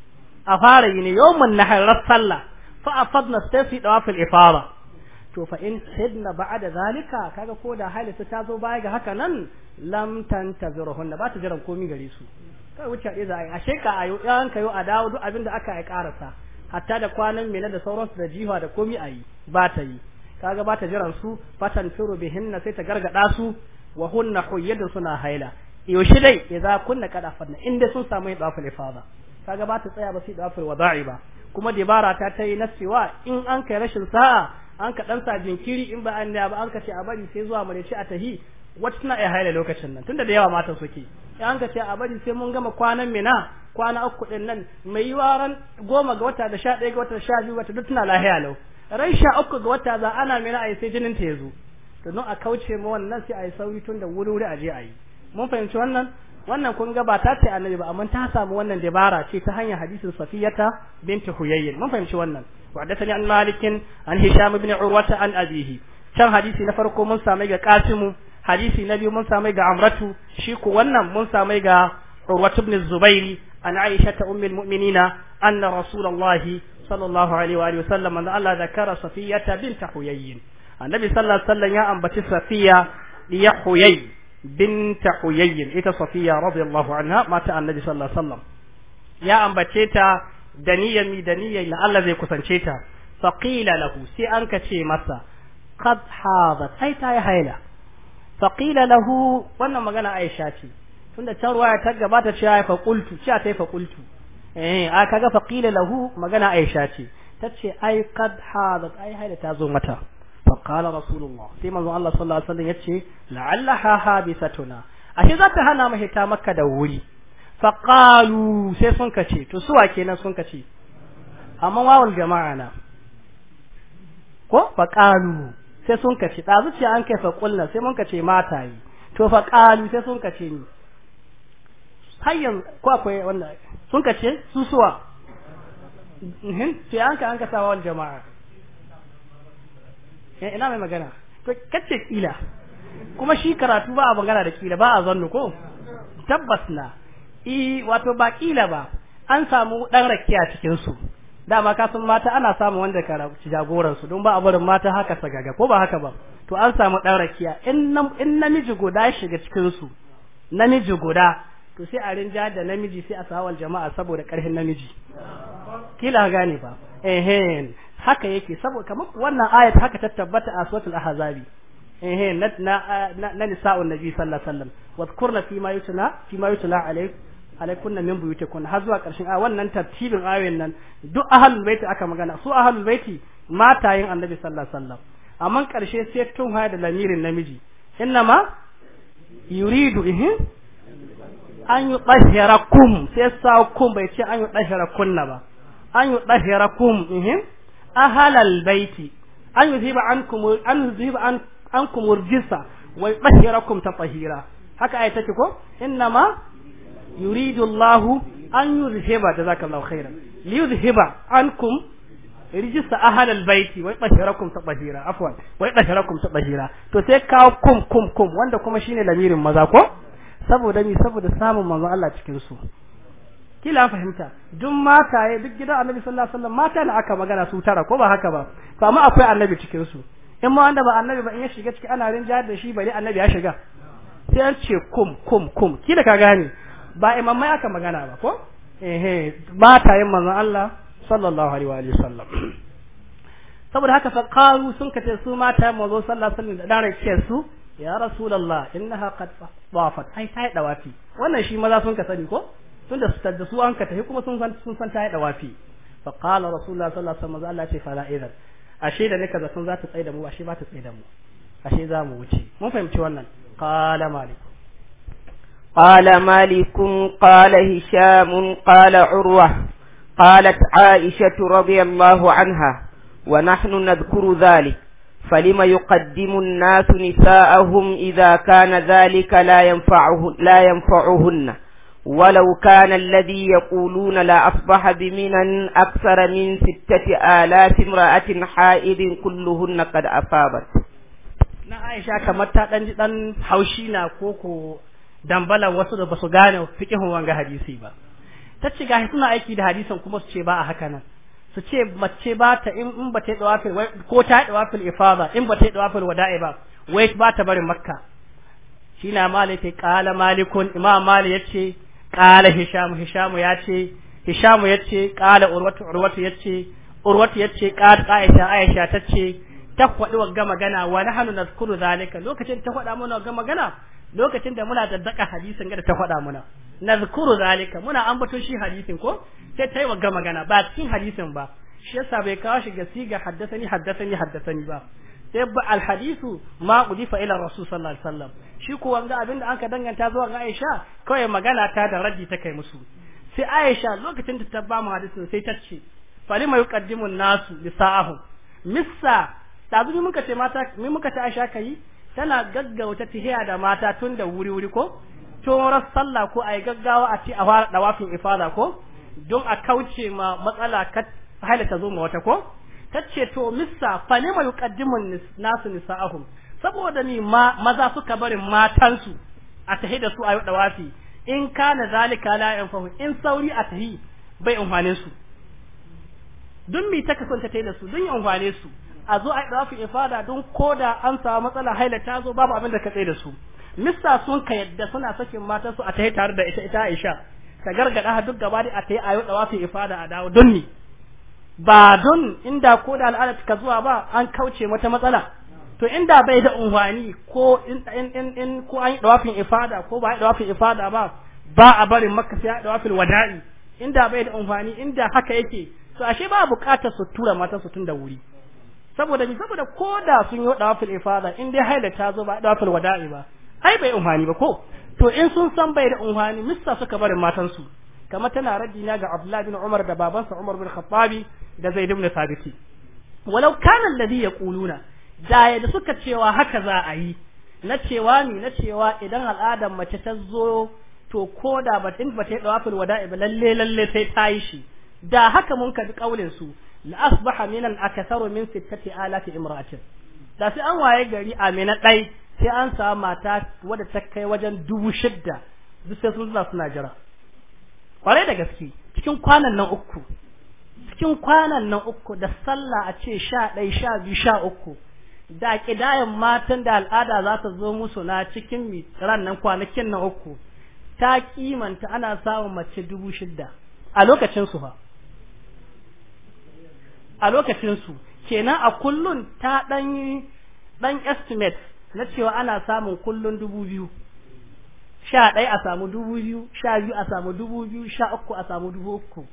a fara yi ne na nahar sallah fa a afadna da wafin ifara to fa in sidna da zalika kaga ko da hali ta zo baya ga haka nan Lamtan lam tantazirhunna ba ta jiran komi gare su kai wuce a za a yi ashe ka ayo yan kayo a dawo duk abin da aka yi karasa hatta da kwanan mena da sauransu da jiha da komi a yi ba ta yi kaga ba ta jiran su fatan firu bihinna sai ta gargada su wa hunna huyyadun suna haila yaushe dai idza kunna kada fadna inda sun samu yin dafal ifada kaga ba ta tsaya ba da dafil wada'i ba kuma dabara ta ta yi nasiwa in an kai rashin sa'a an ka dan sa jinkiri in ba an ya ba an ka ce a bari sai zuwa mareci a tahi wata tana ya haila lokacin nan tunda da yawa matan suke in an ka ce a bari sai mun gama kwanan mina kwana uku din nan mai yi waran goma ga wata da sha ɗaya ga wata da sha biyu wata duk tana lahiya lau ran sha uku ga wata za ana mina a yi sai jinin ta ya zo to don a kauce ma wannan sai a yi sauri tun da wuri wuri a je a yi mun fahimci wannan wannan kun ga ba ta ce annabi ba amma ta samu wannan dabara ce ta hanyar hadisin safiyata binti huyayyin mun fahimci wannan wa da an malikin an hisham ibn urwata an abihi can hadisi na farko mun samai ga qasimu hadisi na biyu mun sami ga amratu shi ko wannan mun sami ga urwata ibn zubairi an aisha ta ummul mu'minina anna rasulullahi sallallahu alaihi wa alihi wasallam an Allah zakara safiyata binti huyayyin annabi sallallahu alaihi wasallam ya ambaci safiya ya huyayyin binta Uyayyin ita Safiya radiyallahu anha mata Annabi sallallahu alaihi wasallam ya ambace ta da niyyar mi da niyyar la Allah zai kusance ta faqila lahu sai an ka ce masa qad hadat ai ta yi haila faqila lahu wannan magana Aisha ce tunda can ruwaya ta gabata ce ya fa qultu ce ta fa qultu eh a kaga faqila lahu magana Aisha ce tace ai qad hadat ai haila ta zo mata فقال رسول الله سيما زو الله na الله عليه وسلم يتشي لعلها حادثتنا ashe za ta hana mahita maka da wuri faƙalu sai sun kace to suwa kenan sun kace amma wawul jama'a na ko faƙalu sai sun kace da zuciya an kai faƙulla sai mun kace mata yi to faƙalu sai sun kace ni har ko akwai wannan sun kace su suwa sai an ka an ka sa jama'a Eh, ina mai magana to kace kila kuma shi karatu ba a magana da kila ba a zannu ko tabbas na i e, wato ba kila ba an samu dan rakiya cikin su dama ka san mata ana samu wanda ka jagoran su don ba a barin mata haka sagaga ko ba haka ba to an samu dan rakiya in in namiji guda shiga cikin su namiji guda to sai a rinja da namiji sai a sawal jama'a saboda karhin namiji kila gane ba ehen haka yake saboda kamar wannan ayat haka ta tabbata a suratul ahzabi eh na na na nisa'un nabi sallallahu alaihi wasallam wadhkurna fi ma yutla fi ma yutla alayk alaykunna min buyutikum har zuwa karshen a wannan tartibin ayoyin nan duk ahlul baiti aka magana su ahlul baiti matayin annabi sallallahu alaihi wasallam amma karshe sai tun haya da lamirin namiji ma yuridu ihin an yi sai sa kum bai ce an yi kunna ba an yi ɗahira ahalal baiti an yuzhiba ankum an yuzhiba an ankum urjisa wa yutahhirakum tatahira haka ayat ce ko innama yuridu Allahu an yuzhiba jazakallahu khairan li yuzhiba ankum rijista ahalal baiti wai bashirakum tabahira afwan wai bashirakum tabahira to sai kawo kum kum kum wanda kuma shine lamirin maza ko saboda ni saboda samun manzon Allah cikin su kila fahimta duk mataye duk gidan annabi sallallahu alaihi wasallam mata ne aka magana su tara ko ba haka ba to amma akwai annabi cikin su in ma wanda ba annabi ba in ya shiga ciki ana rinjayar da shi bari annabi ya shiga sai an ce kum kum kum kila ka gane ba imamai aka magana ba ko ehe yin manzon Allah sallallahu alaihi wa sallam saboda haka fa sun kace su matayen manzon sallallahu alaihi wasallam da dare su ya rasulullah innaha qad dafat ai sai dawafi wannan shi maza sun ka sani ko tunda su tadda su an ka tafi kuma sun san sun san ta yi dawafi fa qala rasulullah sallallahu alaihi wasallam Allah ce fala idan ashe da nika zaton za ta tsaye da mu ashe ba ta tsaye da mu ashe za mu wuce mun fahimci wannan qala malik قال مالك قال هشام قال عروة قالت عائشة رضي الله عنها ونحن نذكر ذلك فلم يقدم الناس نساءهم إذا كان ذلك لا ينفعه لا ينفعهن ولو كان الذي يقولون لا أصبح بمنا أكثر من ستة آلاف امرأة حائض كلهن قد أصابت na Aisha kamar ta dan ji dan haushi na koko dambala wasu da ba su gane fikihun wanga hadisi ba ta ce gashi suna aiki da hadisan kuma su ce ba a haka nan su ce mace ba ta in ba ta yi dawafil ko ta yi dawafil ifada in ba ta yi dawafil wada'i ba wai ba ta barin makka shine malik qala malikun imam ya ce. قال هشام هشام ياتي هشام ياتي قال urwatu urwatu ياتي urwatu ياتي قال aisha aisha تاتي ta وغا wagga magana wa نذكر ذلك لوكتين lokacin ta وغا mana magana lokacin da muna daddaka hadisin ga ta faɗa mana nadhkuru zalika muna ambato shi hadisin ko sai ta yi magana ba cikin hadisin ba shi yasa bai kawo shi ga siga haddasani haddasani ba sai ba alhadisu ma udifa ila rasul sallallahu alaihi wasallam shi ko wanga abinda anka danganta zuwa ga Aisha kawai magana ta da raddi ta kai musu sai Aisha lokacin da ta ba mu hadisin sai ta ce mai yuqaddimu nasu li sa'ahu missa dazu muka ce mata mi muka ce Aisha kai tana gaggauta tihiya da mata tun da wuri wuri ko tun sallah ko ai gaggawa a ci a fara dawafin ifada ko don a kauce ma matsala ka halata zo ma wata ko tace to missa fa ne mal qaddimun nasu nisa'ahum saboda ni ma maza suka barin matansu a tahi da su a yau dawafi in kana zalika la yanfahu in sauri a tahi bai umfane su dun mi ta kasance tai da su dun ya amfane su a zo a dawafi ifada dun koda an samu matsala haila ta zo babu abin da ka tsaye da su missa sun ka yadda suna sakin matansu a tahi tare da ita ita Aisha ta gargada duk gaba da a tahi a yau dawafi ifada a dawo don ni ba don inda ko da al'adar ka zuwa ba an kauce mata matsala to inda bai da unhwani ko in in in ko an yi dawafin ifada ko ba yi dawafin ifada ba ba a barin makka sai dawafin wada'i inda bai da unhwani inda haka yake to ashe ba buƙatar su tura mata su tun da wuri saboda ni saboda ko da sun yi dawafin ifada in dai haila ta zo ba dawafin wada'i ba ai bai unhwani ba ko to in sun san bai da unhwani missa suka barin matansu kamar tana radina ga Abdullahi bin Umar da babansa Umar bin Khattabi da zai dubna sabiti walau kana alladhi yaquluna da da suka cewa haka za a yi na cewa ni na cewa idan al'adar mace ta zo to ko da ba din ba ta da wafil wada'i ba lalle lalle sai ta yi shi da haka mun ka bi kaulin su la asbaha min al aktharu min sittati alati imra'atin da sai an waye gari a amina dai sai an samu mata wadda ta kai wajen dubu shidda duk sai sun suna jira kwarai da gaske cikin kwanan nan uku cikin kwanan nan uku da sallah a ce sha ɗai sha biyu sha uku da ƙidayen matan da al'ada za ta zo musu na cikin ran nan kwanakin nan uku ta kimanta ana samun mace dubu shidda a lokacinsu ba a lokacinsu kenan a kullun ta ɗan ɗan estimate na cewa ana samun kullun dubu biyu sha ɗaya a samu dubu biyu sha biyu a samu dubu biyu sha uku a samu dubu uku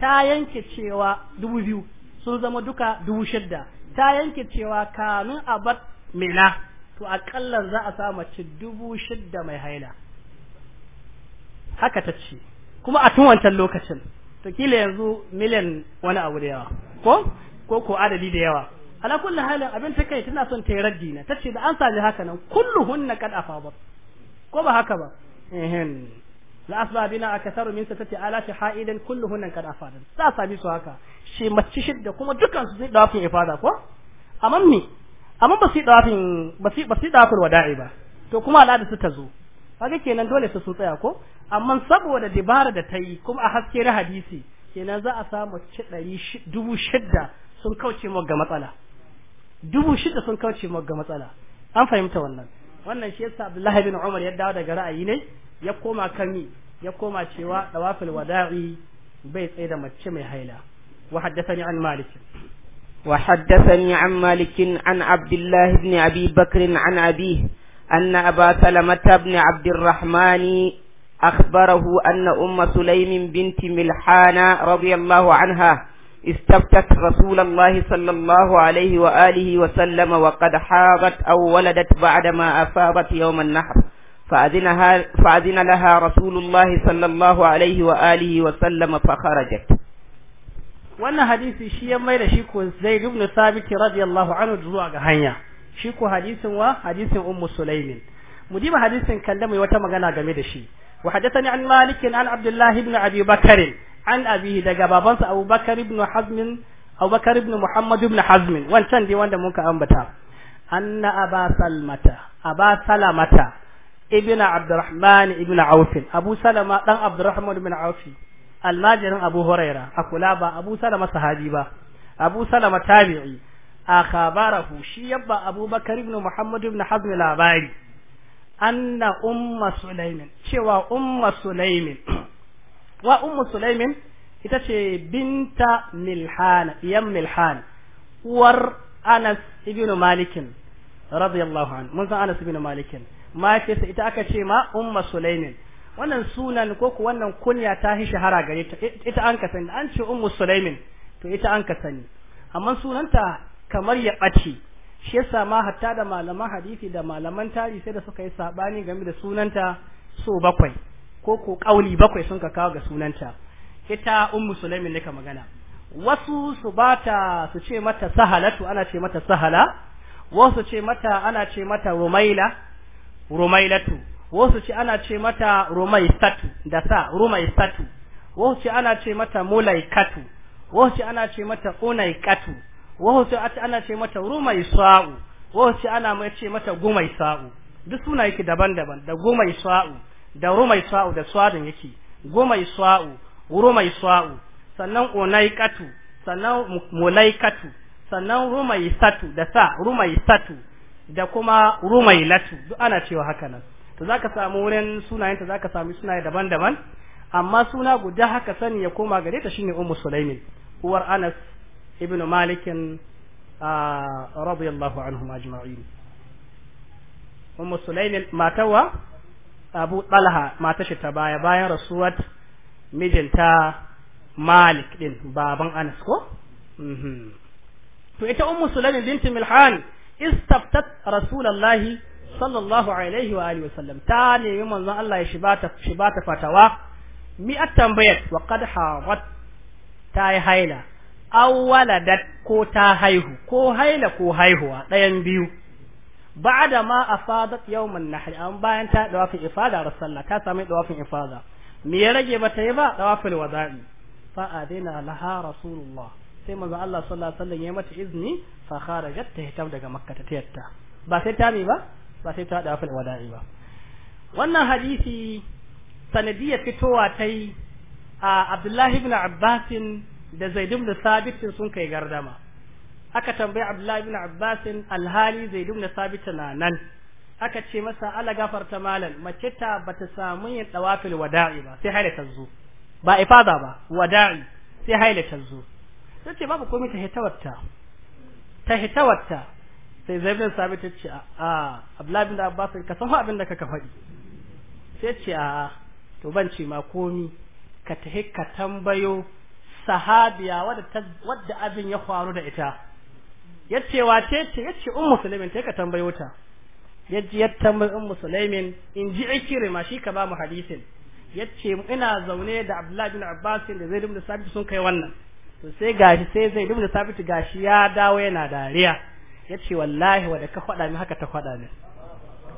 ta yanke cewa dubu biyu sun zama duka dubu shidda ta yanke cewa kanun bar mina to akalla za a sa mace dubu shidda mai haila haka ta ce kuma a tun wancan lokacin to kila yanzu miliyan wani abu da yawa ko ko ko adadi da yawa ala kulli halin abin ta kai tana son ta yi raddi na ta ce da an sami haka nan kulluhunna qad afadat ko ba haka ba la asba bina akasaru min satati alafi ha'idan kulluhunna kad afadan sa sami su haka shi mace shidda kuma dukkan su zai dawafin ifada ko amma me amma ba su dawafin ba su ba su dawafin wada'i ba to kuma al'ada su ta zo kaga kenan dole su su tsaya ko amma saboda dibara da ta yi kuma a haske na hadisi kenan za a samu ci ɗari dubu shidda sun kauce mu ga matsala dubu shidda sun kauce mu ga matsala an fahimta wannan wannan shi yasa Abdullahi bin Umar ya dawo daga ra'ayi ne ya koma kan ya koma cewa dawafil wada'i bai tsaye da mace mai haila wa haddathani an malik wa haddathani an malik an abdullah ibn abi bakr an abi أن أبا سلمة بن عبد الرحمن أخبره أن أم سليم بنت ملحان رضي الله عنها استفتت رسول الله صلى الله عليه وآله وسلم وقد حاضت أو ولدت بعدما أفاضت يوم النحر فأذنها فأذن لها رسول الله صلى الله عليه وآله وسلم فخرجت wannan hadisi shi ya mai da shi ko Zaid ibn radiyallahu anhu zuwa ga hanya shi ko hadisin wa hadisin Ummu Sulaimin mujiba hadisin kalla mai wata magana game da shi wa hadathani an malikin an Abdullah ibn Abi Bakr an abihi daga babansa Abu Bakr ibn Hazm Abu Bakr ibn Muhammad ibn Hazm wancan dai wanda muka ambata anna Aba Salmata Aba Salamata ibn abdurrahman ibn auf abu salama dan abdurrahman ibn auf almajirin abu huraira akula ba abu salama sahabi ba abu salama tabi'i a khabarahu shi yabba abubakar ibn muhammad ibn hazm labari anna umma sulaimin cewa umma sulaimin wa umma sulaimin ita ce binta Milhan yan milhan uwar anas ibn malikin radiyallahu anhu mun san anas ibn malikin sa ita aka ce ma umma sulaimin wannan sunan ko ku wannan kunya ta hi shahara gare ta ita an ka sani an ce ummu sulaimin to ita an ka sani amma sunanta kamar ya ɓace shi yasa ma hatta da malaman hadisi da malaman tarihi sai da suka yi sabani game da sunanta so bakwai ko ko kauli bakwai sun ka kawo ga sunanta ita ummu sulaimin ne ka magana wasu su bata su ce mata sahalatu ana ce mata sahala wasu ce mata ana ce mata rumaila rumailatu wasu ce ana ce mata rumaisatu da sa rumaisatu wasu ce ana ce mata mulaikatu wasu ce ana ce mata kunaikatu wasu ce ana ce mata rumaisa'u wasu ce ana mai ce mata gumaisa'u duk suna yake daban-daban da gumaisa'u da rumaisa'u da swadin yake gumaisa'u rumaisa'u sannan unaikatu sannan mulaikatu sannan rumaisatu da sa rumaisatu da kuma rumailatu duk ana cewa haka nan to zaka samu wurin sunayenta zaka samu sunaye daban-daban amma suna guda haka sani ya koma gare ta shine ummu sulaimin uwar anas ibn malik radiyallahu anhum ajma'in ummu sulaimin matawa abu talha mata shi ta baya bayan rasuwat mijinta malik din baban anas ko mhm. to ita ummu sulaimin binti milhan istaftat rasulullahi sallallahu alaihi wa alihi wasallam ta nemi manzon Allah ya shibata shibata fatawa mi at tambayat wa qad harat ta yi haila aw waladat ko ta haihu ko haila ko haihuwa ɗayan biyu ba'da ma afadat yawman nahr an bayan ta wafin ifada rasulullah ta sami wafin ifada me ya rage bata yi ba dawafin wada'i fa adina laha rasulullah sai manzo Allah sallallahu alaihi wasallam ya mata izini fa kharajat ta hitam daga makka ta tayyata ba sai ta ba ba sai ta dafa wada'i ba wannan hadisi sanadiyar fitowa tai a Abdullahi ibn Abbas da Zaid ibn Thabit sun kai gardama aka tambayi Abdullahi ibn Abbas alhali Zaid ibn Thabit na nan aka ce masa ala gafarta malam mace ta bata samu yin dawafil wada'i ba sai haila ta zo ba ifada ba wada'i sai haila ta zo ta ce babu komai ta hitawarta ta hitawarta sai zai bin sabi ta ce a abdullahi da abbas ka san abin da kaka faɗi sai ce a to ban ce ma komi ka tahi ka tambayo sahabiya wadda abin ya faru da ita yace wa ce yace ummu sulaimin ta ka tambayo ta yaji ya tambayi ummu sulaimin in ji ma shi ka ba mu hadisin yace ina zaune da abdullahi bin abbas da zai bin sabit sun kai wannan to sai gashi sai zai duk da sabitu gashi ya dawo yana dariya yace ce wallahi wadda ka faɗa mi haka ta faɗa ne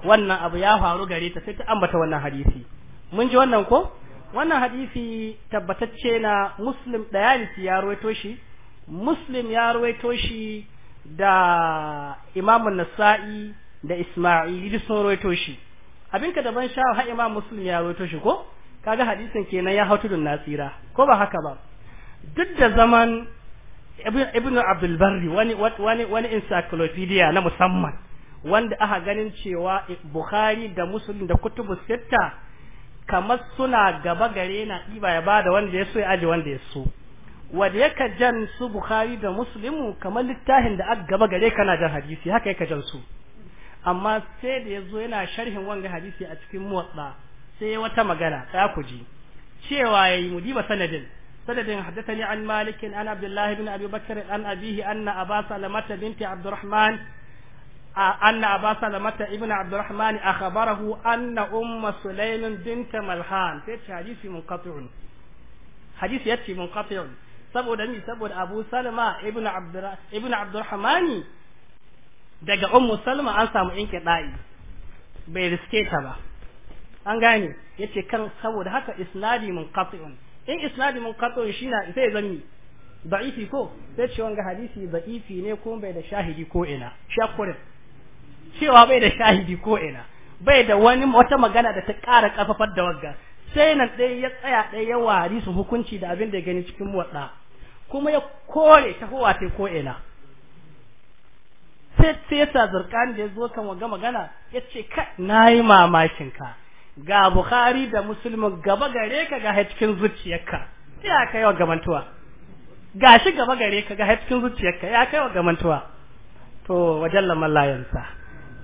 wannan abu ya faru gare ta sai ta ambata wannan hadisi mun ji wannan ko wannan hadisi tabbatacce na muslim dayalisi ya ruwaito shi muslim ya ruwaito shi da imamun nasa'i da isma'ili sun ruwaito shi abinka da ban sha ha imam muslim ya ruwaito shi ko kaga hadisin kenan ya hautu dun nasira ko ba haka ba duk da zaman ibn abdulbarri wani wani wani encyclopedia na musamman wanda aka ganin cewa bukhari da muslim da kutubu sitta kamar suna gaba gare na ɗiba ya bada wanda ya so ya aji wanda ya so wanda yaka jan su bukhari da muslimu kamar littafin da aka gaba gare kana jan hadisi haka yaka jan su amma sai da yazo yana sharhin wanga hadisi a cikin muwatta sai wata magana ta ku ji cewa yayi mudiba sanadin سدد حدثني عن مالك عن عبد الله بن أبي بكر عن أبيه أن أبا سلمة بنت عبد الرحمن أن أبا سلمة ابن عبد الرحمن أخبره أن أم سليم بنت ملحان حديث منقطع حديث منقطع saboda ni saboda Abu Salma ibn Abdurrahman ibn Abdurrahmani daga Ummu Salma an samu inke dai bai riske ta ba an gane yace kan saboda haka isnadi munqati'un in isnadi mun kato shi na sai yi da'ifi ko sai ce wanga hadisi da'ifi ne ko bai da shahidi ko ina shakurin cewa bai da shahidi ko ina bai da wani wata magana da ta ƙara ƙarfafar da wagga sai nan ɗaya ya tsaya ɗaya ya wari su hukunci da abin da ya gani cikin wadda kuma ya kore ta huwa ta ko ina sai sai sa zurkani da ya zo kan wagga magana ya ce kai na yi mamakin ka ga bukhari da musulmi gaba gare ka ga cikin zuciyarka ya kai wa gamantuwa gashi gaba gare ka ga cikin zuciyarka ya kai wa gamantuwa to wajen sa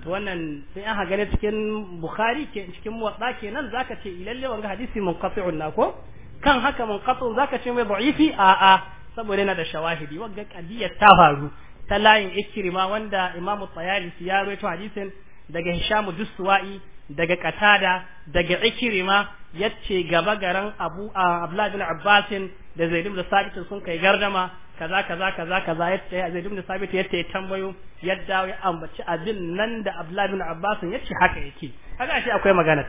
to wannan sai an hagane cikin bukhari ke cikin muwadda kenan zaka ce ilalle wanga hadisi munqati'un na ko kan haka munqatu zaka ce mai da'ifi a a saboda yana da shawahidi wanga qadiyya ta faru ta layin ikrima wanda imamu tayalisi ya rawaito hadisin daga hishamu duswa'i daga katada daga ikirima yace gaba garan abu abdullah bin abbas da zaid bin sabit sun kai gardama kaza kaza kaza kaza yace zaid bin sabit yace tambayo yadda ya ambaci abin nan da abdullah bin abbas yace haka yake kaga shi akwai magana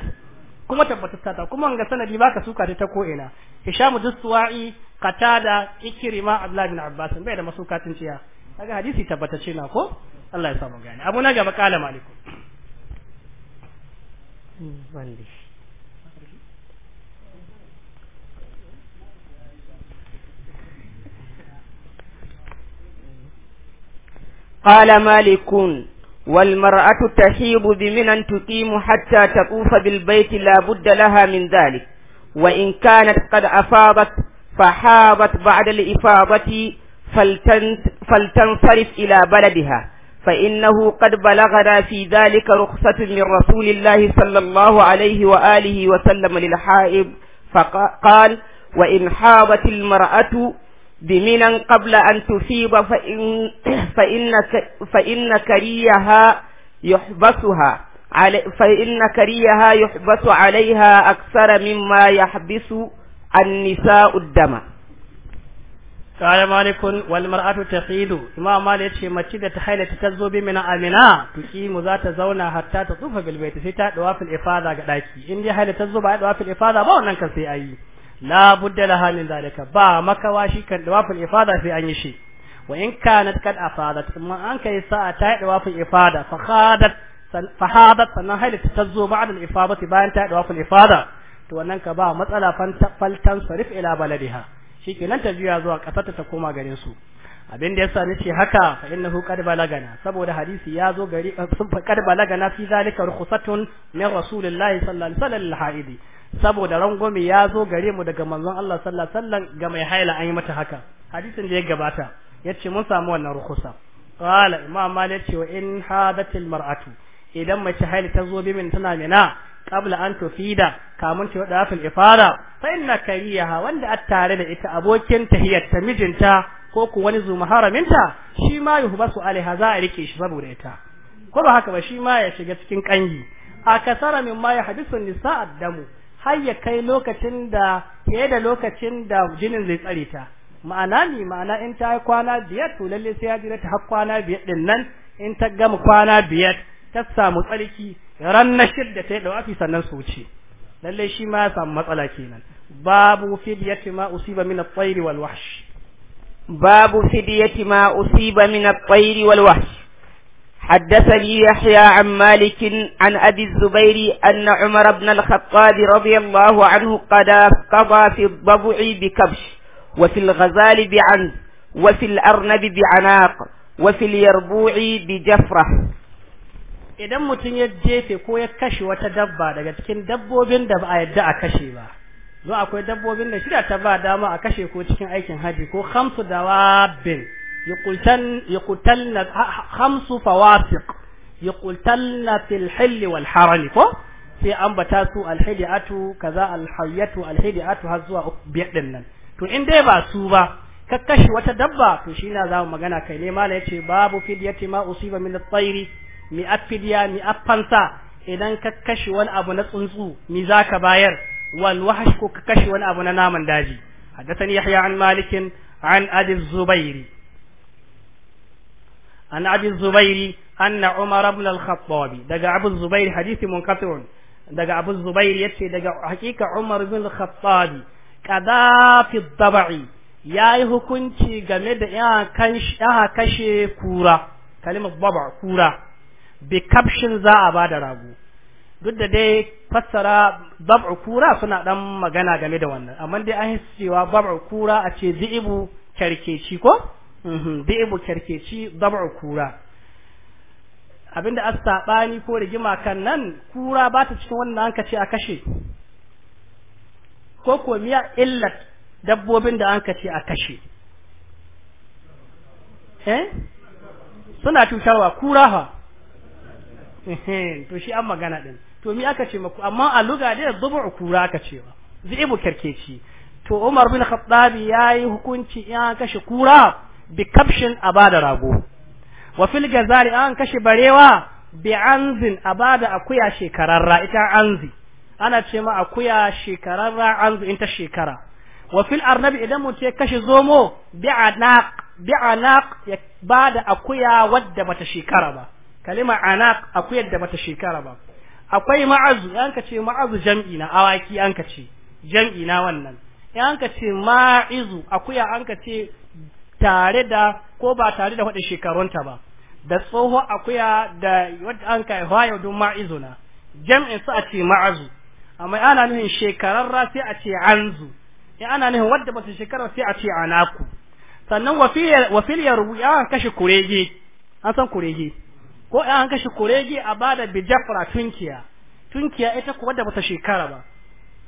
kuma tabbata ta kuma ga sanadi baka suka ta ko ina hisham dusuwa'i katada ikirima abdullah bin abbas bai da masukatin ciya kaga hadisi ce na ko Allah ya samu gani abu na gaba kala malikum قال مالك والمرأة تحيض بمنى تقيم حتى تطوف بالبيت لا بد لها من ذلك وإن كانت قد أفاضت فحاضت بعد الإفاضة فلتنصرف إلى بلدها فإنه قد بلغنا في ذلك رخصة من رسول الله صلى الله عليه وآله وسلم للحائب فقال وإن حابت المرأة بمنا قبل أن تصيب فإن, فإن, فإن كريها يحبسها علي فإن كريها يحبس عليها أكثر مما يحبس النساء الدم kayan walmar walmar'atu ta tsido imam malik ce mace da ta haila ta zo bi mina amina tuki mu za ta zauna hatta ta tsufa bilbaita sai ta dawa fil ifada ga daki in dai haila ta zo ba dawa fil ifada ba wannan sai ayi la budda la halin zalika ba makawa shi kan dawa fil ifada sai an yi shi wa in kanat kad afada amma an kai sa'a ta dawa fil ifada fa khadat fa hadat sannan haila ta zo ba'da al bayan ta dawa fil ifada to wannan ka ba matsala fal tansarif ila baladiha ke ta tafiya zuwa ƙasar ta koma garin su abin da ya ni ce haka fa hu qad balagana saboda hadisi ya zo gari eh, sun fa qad balagana fi zalika rukhsatun min rasulillahi sallallahu alaihi wasallam haidi saboda rangwame ya zo gare mu daga manzon Allah sallallahu alaihi wasallam ga mai haila an yi mata haka hadisin da ya gabata yace mun samu wannan rukhsa qala imam malik ce wa in hadatil mar'atu idan mace haila ta zo bimin tana mina qabla an tufida kamun ta wada fil ifada fa inna kariyaha wanda a tare da ita abokin ta ta mijinta ko ku wani zuma haraminta shi ma yuhbasu alaiha za a rike shi saboda ita ko ba haka ba shi ma ya shiga cikin kangi a kasara min ma ya hadisu nisa damu har ya kai lokacin da ke da lokacin da jinin zai tsare ta ma'ana ni ma'ana in ta yi kwana biyar to lalle sai ya jira ta har kwana biyar din nan in ta gama kwana biyar ta samu tsarki ran na shidda ta yi da wafi sannan su wuce lalle shi ma sam matsala kenan babu fidyati ma usiba min at-tayr wal wahsh babu fidyati ma usiba min at-tayr wal wahsh حدثني يحيى عن مالك عن أبي الزبير أن عمر بن الخطاب رضي الله عنه قد قضى في الضبع بكبش وفي الغزال بعنز وفي الأرنب بعناق وفي اليربوع بجفرة idan mutum ya jefe ko ya kashe wata dabba daga cikin dabbobin da ba a yadda a kashe ba zo akwai dabbobin da shida ta ba dama a kashe ko cikin aikin haji ko hamsu dawabin yuqtalna hamsu fawasiq yuqtalna fil hill wal harami ko sai an bata su alhidiatu kaza alhayyatu alhidiatu har zuwa biyar nan to in dai ba su ba ka kashe wata dabba to shi na za mu magana kai ne mala yace babu fidyati ma usiba min at-tayri mi afidiya mi affansa idan ka kashe wani abu na tsuntsu mi za ka bayar wal wahsh ko ka kashe wani abu na naman daji haddatan yahya an malikin an adi zubairi an adi zubairi an na umar ibn al-khattab daga abu zubairi hadithi hadisi munqati'un daga abu zubairi yace daga hakika umar ibn al-khattab kada fi dabai yayi hukunci game da ya kan kashe kura kalimar baba kura bi kafshin za a bada rago duk da dai fassara bab'u kura suna dan magana game da wannan amma dai an cewa bab'u kura a ce zi'ibu kyarkeci ko zi'ibu mhm, kyarkeci bab'u kura abinda as sabani ko rigima kan nan kura ba ta cikin wannan anka ce a kashe ko ko miya illat dabbobin da anka ce a kashe eh suna cutarwa kura ha to shi an magana din to mi aka ce maku amma a luga dai zubu kura aka cewa zibu kerkeci to Umar bin Khattabi yayi hukunci ya kashe kura bi kafshin abada rago wa fil gazari an kashe barewa bi anzin abada akuya shekararra ita anzi ana ce ma akuya shekararra anzi in ta shekara wa fil arnabi idan mun ce kashe zomo bi anaq bi anaq ya bada akuya wadda bata shekara ba kalima anaq akwai yadda bata shekara ba akwai ma'azu an ka ce ma'azu jam'i na awaki an ka ce jam'i na wannan in an ka ce ma'izu akuya an ka ce tare da ko ba tare da waɗin shekarunta ba da tsoho akuya da wadda an ka haihuwa yau don ma'izu na jam'in su a ce ma'azu amma ana nuhin shekararra sai a ce anzu in ana nuhin wadda ba su shekara sai a ce anaku sannan wafiliyar ya kashe kurege an san kurege ko in an kashe kureji a bada bijafra tunkiya tunkiya ita kuma da bata shekara ba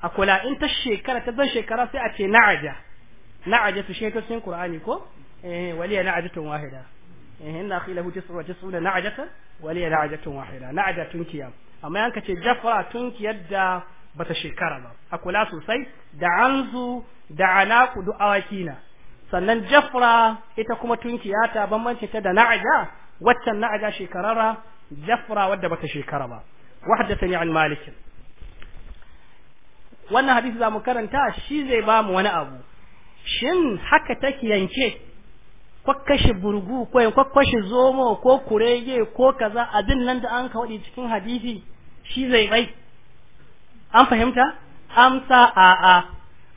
a kula in ta shekara ta zan shekara sai a ce na'aja na'aja su shekar sun qur'ani ko eh waliya na'ajatun wahida eh inna khilahu tis'u wa tis'una na'ajatan waliya na'ajatun wahida na'aja tunkiya amma yanka ce jafra tunkiyar da bata shekara ba a kula sosai da anzu da anaku du'awakina sannan jafra ita kuma tunkiya ta bambance ta da na'aja waccan na aga shekarara jafra wadda bata shekara ba wa haddathani an malikin. wannan hadisi za mu karanta shi zai ba mu wani abu shin haka take yanke kwakkashe burgu ko kwakkashe zomo ko kurege ko kaza abin nan da an kawadi cikin hadisi shi zai bai an fahimta amsa a'a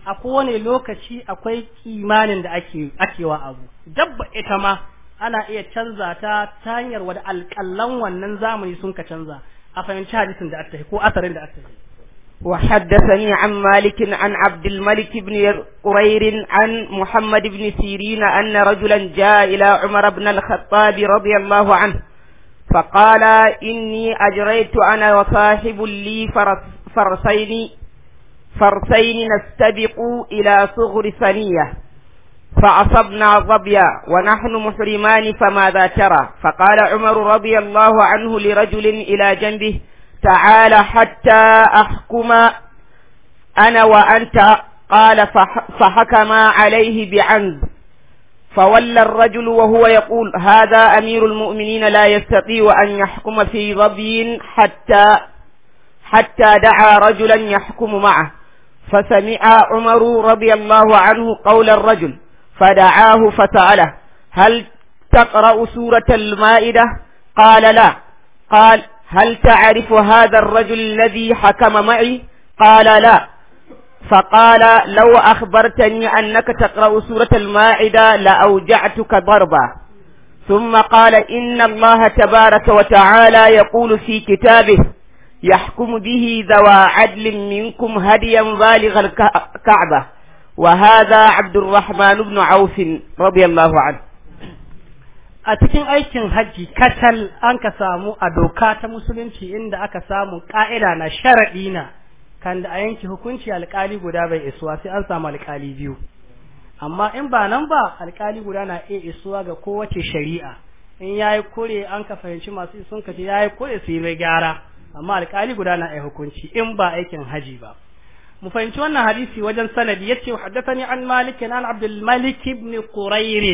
a kowane lokaci akwai kimanin da ake akewa abu dabba ita ma ana iya canza ta ta hanyar wadda alƙallan wannan zamani sun ka canza a fahimci hadisin da attahi ko asarin da attahi وحدثني عن مالك عن عبد الملك بن قرير عن محمد بن سيرين أن رجلا جاء إلى عمر بن الخطاب رضي الله عنه فقال إني أجريت أنا وصاحب لي فرس فرسين فرسين نستبق إلى صغر ثنية فأصبنا ظبيا ونحن محرمان فماذا ترى فقال عمر رضي الله عنه لرجل إلى جنبه تعال حتى أحكم أنا وأنت قال فحكما عليه بعنز فولى الرجل وهو يقول هذا أمير المؤمنين لا يستطيع أن يحكم في ظبي حتى حتى دعا رجلا يحكم معه فسمع عمر رضي الله عنه قول الرجل فدعاه فسأله هل تقرأ سورة المائدة قال لا قال هل تعرف هذا الرجل الذي حكم معي قال لا فقال لو أخبرتني أنك تقرأ سورة المائدة لأوجعتك ضربا ثم قال إن الله تبارك وتعالى يقول في كتابه يحكم به ذوى عدل منكم هديا بالغ الكعبة وهذا عبد الرحمن بن عوف رضي الله عنه a cikin aikin hajji katal an ka samu a doka ta musulunci inda aka samu ka'ida na sharaɗi na kan da a yanki hukunci alƙali guda bai isuwa sai an samu alƙali biyu amma in ba nan ba alƙali guda na iya isuwa ga kowace shari'a in ya yi kure an ka fahimci masu sun ka ya yi kure su yi mai gyara amma alƙali guda na iya hukunci in ba aikin haji ba mu fahimci wannan hadisi wajen sanadi yace haddathani an malik an abdul malik ibn qurair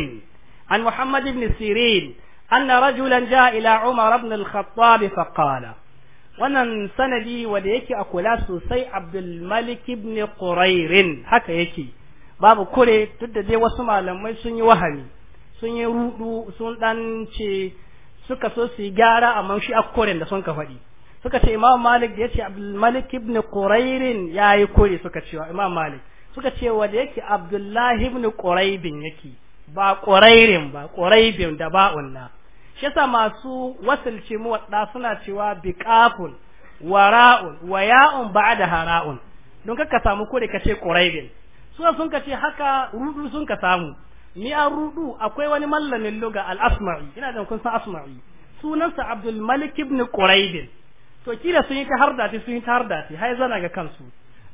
an muhammad ibn sirin anna rajulan jaa ila umar ibn al-khattab wannan sanadi wanda yake a kula sosai abdul malik ibn qurair haka yake babu kure duk da dai wasu malamai sun yi wahami sun yi rudu sun dan suka so su yi gyara amma shi akkoren da sun ka faɗi suka ce imam malik da yace abdul malik ibn qurairin yayi kore suka ce imam malik suka ce da yake abdullahi ibn quraibin yake ba qurairin ba quraibin da ba unna shi yasa masu ce mu wadda suna cewa biqafun wara'un wa ya'un ba'da hara'un don kaka samu kore kace quraibin su sun kace haka rudu sun ka samu ni an rudu akwai wani mallamin luga al-asma'i ina da kun san asma'i sunansa abdul malik ibn quraibin to kila sun yi ta har dace sun yi ta har dace hai zana ga kansu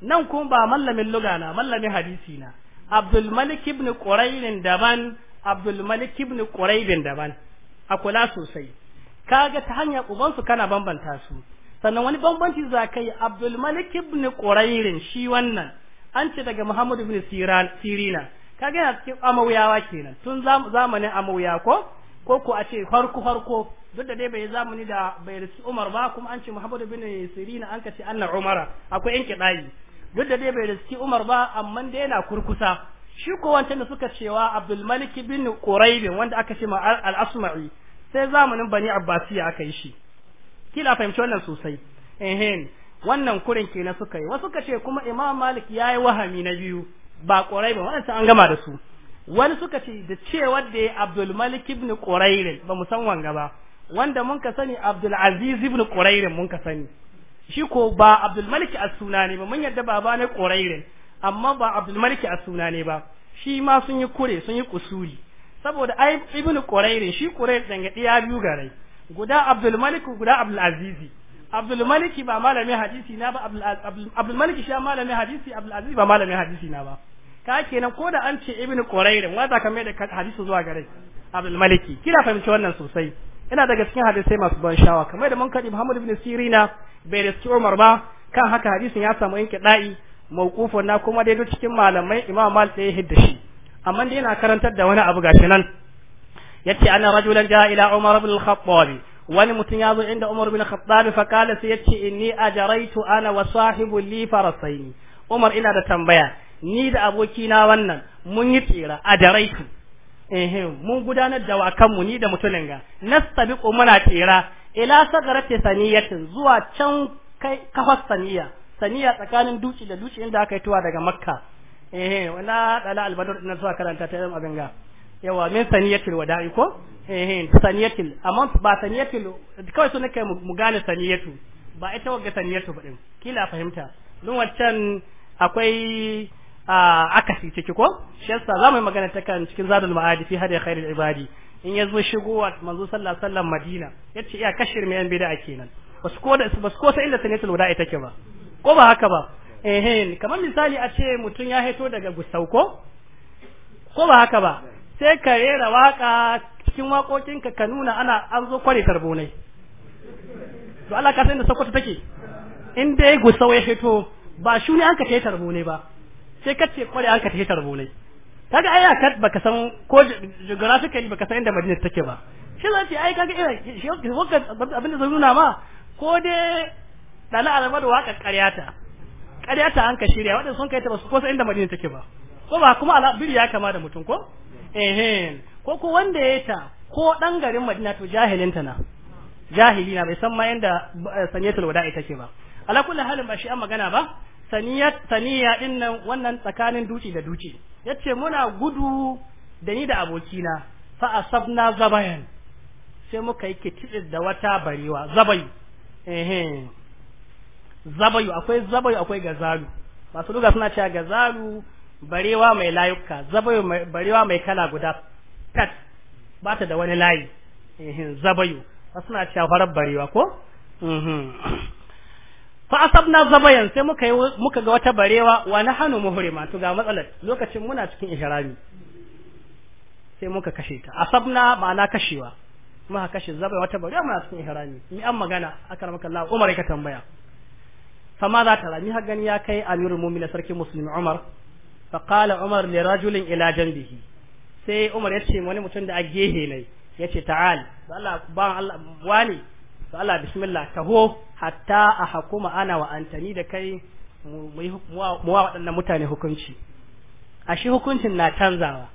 nan kuma ba mallamin lugana mallamin hadisi na Abdul Malik ibn Qurayn daban Abdul Malik ibn Quraybin daban a kula sosai kaga ta hanyar ubansu kana bambanta su sannan wani bambanci za ka yi Abdul Malik ibn Qurayn shi wannan an ce daga Muhammad ibn Siran Sirina kaga yana cikin amawiyawa kenan tun zamanin amawiya ko ko ko a ce farko farko duk da dai bai zamani da bai risi Umar ba kuma an ce Muhammadu bin Sirina an ka ce anna Umara akwai yanke dayi duk da dai bai rasu Umar ba amma dai yana kurkusa shi ko wanda suka cewa Abdul Malik bin Quraib wanda aka ce ma al-Asma'i sai zamanin Bani Abbasiya aka yi shi kila fahimci wannan sosai eh wannan kurin na suka yi wasu ka ce kuma Imam Malik yayi wahami na biyu ba Quraib ba wannan an gama da su wani suka ce da cewa da Abdul Malik ibn Quraib ba mu san wanga ba wanda mun ka sani Abdul Aziz ibn Qurairin mun ka sani shi ko ba Abdul Malik as-Suna ne ba mun yadda baba ne Qurairin amma ba Abdul Malik as-Suna ne ba shi ma sun yi kure sun yi kusuri saboda ai ibn Qurairin shi Qurair dan ga diya biyu garai guda Abdul Malik guda Abdul Aziz Abdul Malik ba malamin hadisi na ba Abdul Malik shi malamin hadisi Abdul Aziz ba malamin hadisi na ba ka kenan ko da an ce ibn Qurairin wanda ka mai da hadisi zuwa garai Abdul Malik kina fahimci wannan sosai yana daga cikin hadisai masu ban shawa kamar da mun kadi Muhammad ibn Sirina bai riski Umar ba kan haka hadisin ya samu yanke da'i mawqufun na kuma dai cikin malamai Imam Malik ya hidda shi amma dai yana karantar da wani abu gashi nan yace anna rajulan jaa ila Umar ibn al-Khattab wani mutum ya zo inda Umar ibn al-Khattab fa kala sai yace inni ajraitu ana wa sahibu li farasaini Umar ina da tambaya ni da abokina wannan mun yi tsira ajaraitu ehem mun gudanar da mu ni da mutulin ga nastabiqu muna tsira ila sagarati saniyatin zuwa can kai kafas saniya saniya tsakanin duci da duci inda aka yi tuwa daga makka ehe wala dala albadur ina zuwa karanta ta yamma abin ga yawa min saniyatil wada'i ko ehe saniyatil amma ba saniyatil kawai sun kai mu gane saniyatu ba ita wagga saniyatu ba din kila fahimta don wancan akwai akasi ciki ko shi yasa mu yi magana ta kan cikin zadul ma'adi fi hadi khairul ibadi in ya zo shigo wa manzo sallallahu alaihi wasallam madina yace iya kashir mai a kenan bas ko da bas ko sai illa sanatul wada'i take ba ko ba haka ba eh eh kamar misali a ce mutun ya haito daga gusau ko ko ba haka ba sai ka rera waka cikin waƙoƙinka ka nuna ana an zo kware karbonai to Allah ka san da sakwata take in dai gusau ya haito ba shuni an ka kai tarbonai ba sai ka ce kwarai an ka tafi tarbulai kaga ai ka baka san ko geographically baka san inda Madina take ba shi zan ce ai kaga ina shi abin da zan nuna ma ko dai dana alama da waka ƙarya ta an ka shirya waɗanda sun kai ta ba su ko san inda Madina take ba ko ba kuma alabiri ya kama da mutum ko eh ko ko wanda ya ta ko dan garin Madina to jahilin ta na jahili na bai san ma inda eh, sanyatul wada'i take ba ala kulli halin ba shi an magana ba saniyat saniya ɗin nan wannan tsakanin duci da duci yace muna gudu da ni da abokina fa asabna zabayan sai muka yi kitidin da wata barewa zabayu ehe zabayu akwai zabayu akwai gazalu masu duga suna cewa gazalu barewa mai layuka zabayu barewa mai kala guda kat ba ta da wani layi ehe zabayu suna cewa farar barewa ko mhm fa asabna zabayan sai muka yi muka ga wata barewa wa na hanu muhrima to ga matsalar lokacin muna cikin ihrami sai muka kashe ta asabna ma'ana kashewa muka kashe zabayan wata barewa muna cikin ihrami ni an magana akramaka Allah Umar ka tambaya fa ma za ta rami har gani ya kai amirul mu'minin sarki muslim Umar fa qala Umar li rajulin ila janbihi sai Umar ya ce wani mutum da a gehe ne yace ta'al Allah ba Allah wani to Allah bismillah taho hatta a hakuma ana wa antani da kai mu wa waɗannan mutane hukunci ashe hukuncin na canzawa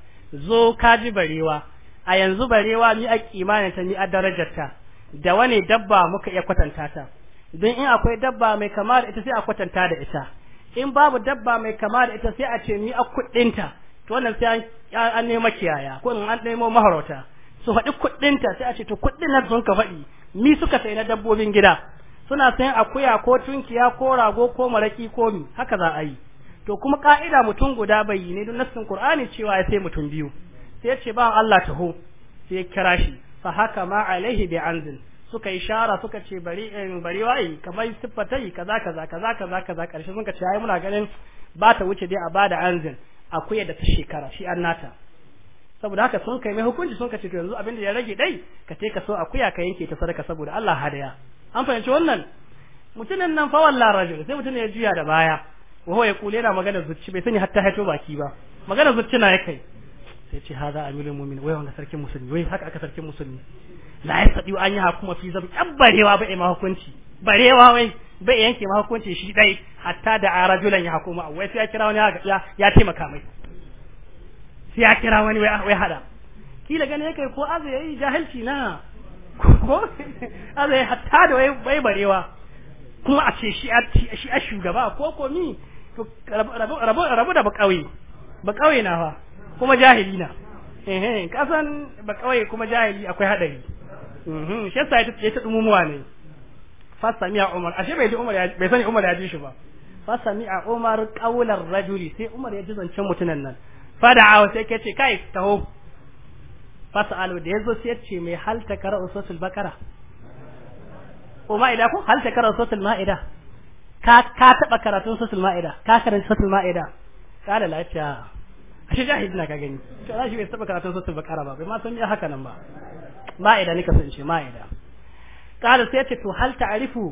zo ka ji barewa a yanzu barewa ni a kimanin ta ni a darajarta da wani dabba muka iya kwatanta ta don in akwai dabba mai kama da ita sai a kwatanta da ita in babu dabba mai kama da ita sai a ce ni a kuɗinta to wannan sai an nemo kiyaya ko in an nemo maharauta su faɗi kuɗinta sai a ce to kuɗin nan sun ka faɗi ni suka sai na dabbobin gida suna sayan akuya ko tunkiya ko rago ko maraki ko mi haka za a yi to kuma ka'ida mutum guda bai yi ne don nassin qur'ani cewa ya sai mutum biyu sai ya ce ba Allah taho sai ya kira shi fa haka ma alaihi bi anzin suka shara suka ce bari in bari wai kamar siffatai kaza kaza kaza kaza kaza karshe sun ka ce ai muna ganin ba ta wuce dai a bada anzin akuya da ta shekara shi annata saboda haka sun kai mai hukunci sun kace to yanzu abin da ya rage dai ka ce ka so akuya ka yanke ta sadaka saboda Allah hadaya an fahimci wannan mutumin nan fa wallahi rajul sai mutum ya juya da baya wa ya kule yana magana zucci bai sani hatta haito baki ba magana zucci na yake sai ce hada amirul mu'min wai wanda sarkin musulmi wai haka aka sarkin musulmi la ya sadi an yi hakuma fi zabi an barewa ba ma hukunci barewa wai bai yanke ma hukunci shi dai hatta da arajulan ya hakuma wai sai ya kira wani ya ya taimaka mai sai ya kira wani wai hada kila gane yake ko azu yayi jahilci na ko azu hatta da wai barewa kuma a ce shi shi a shugaba ko ko mi rabu da bakawai bakawai na fa kuma jahili na eh kasan bakawai kuma jahili akwai hadari mhm shi yasa ya ta dumumuwa ne fa sami'a umar ashe bai ji umar bai sani umar ya ji shi ba fa sami'a umar qawlar rajuli sai umar ya ji zancen mutunan nan fada'a sai kace kai taho fasalu da yazo sai yace mai hal takara usatul bakara ma ila ko hal takara usatul ma'ida ka ka taba karatu usatul ma'ida ka karanta usatul ma'ida kala lafiya ashe jahid na ka gani to za shi bai taba karatu usatul bakara ba bai ma san ya haka nan ba ma'ida nika san shi ma'ida kala sai yace to hal ta'rifu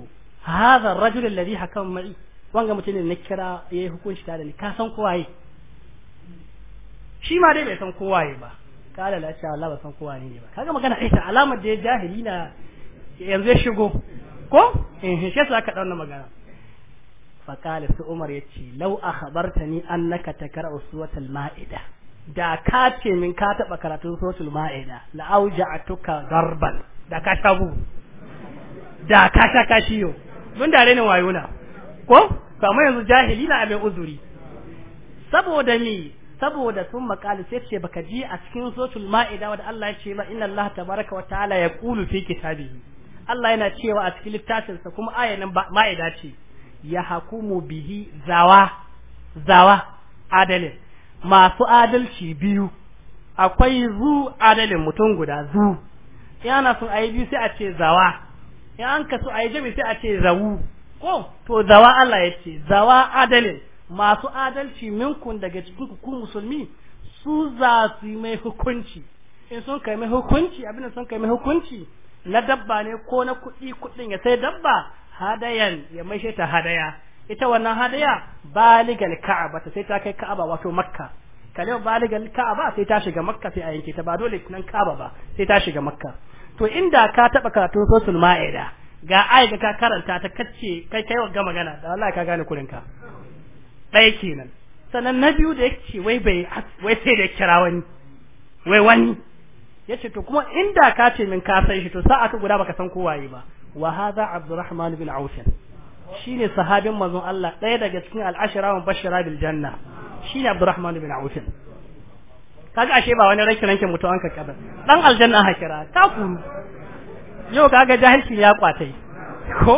hadha ar-rajul alladhi hakama ma'i wanga mutune ne kira yayi hukunci da ni ka san ko waye shi ma dai bai san kowa ne ba kala la ce Allah ba san kowa ne ba kaga magana ita alamar da ya jahili na yanzu ya shigo ko eh shi yasa aka dauna magana fa kala su Umar yace law akhbartani annaka takra'u suratul maida da ka ce min ka taba karatun suratul maida la auja'atuka darban da ka shabu da ka sha kashiyo mun da ne wayo na ko kamar yanzu jahili na abin uzuri saboda ni saboda sun makali sai ce baka ji a cikin sotul ma'ida wanda Allah ya ce ma inna Allah tabaraka wa ta'ala ya kulu fi kitabihi Allah yana cewa a cikin littafinsa kuma ayanin ma'ida ce ya hakumu bihi zawa zawa adalin masu adalci biyu akwai zu adalin mutum guda zu yana sun ayi biyu sai a ce zawa ya an ka su ayi jami sai a ce zawu ko to zawa Allah ya ce zawa adalin masu adalci minkun daga cikin ku musulmi su za su yi mai hukunci in sun kai mai hukunci abin da sun kai mai hukunci na dabba ne ko na kuɗi kuɗin ya sai dabba hadayan ya shi ta hadaya ita wannan hadaya baligal ka'aba ta sai ta kai ka'aba wato makka kalmar baligal ka'aba sai ta shiga makka sai a yanke ta ba dole nan ka'aba ba sai ta shiga makka to inda ka taba karatu sosul ma'ida ga ai ka karanta ta kacce kai kai ga magana da Allah ka gane kurinka ɗaya kenan sannan na biyu da yake wai bai wai sai da kira wani wai wani ce to kuma inda ka ce min ka san shi to sa'a ta guda baka san ko waye ba wa hadha abdurrahman bin auf shine sahabin manzon Allah ɗaya daga cikin al-ashra wa bashara bil janna shine abdurrahman bin auf kaga ashe ba wani rakin rankin mutu an ka kabar dan aljanna hakira ta kuru yau kaga jahilci ya kwatai ko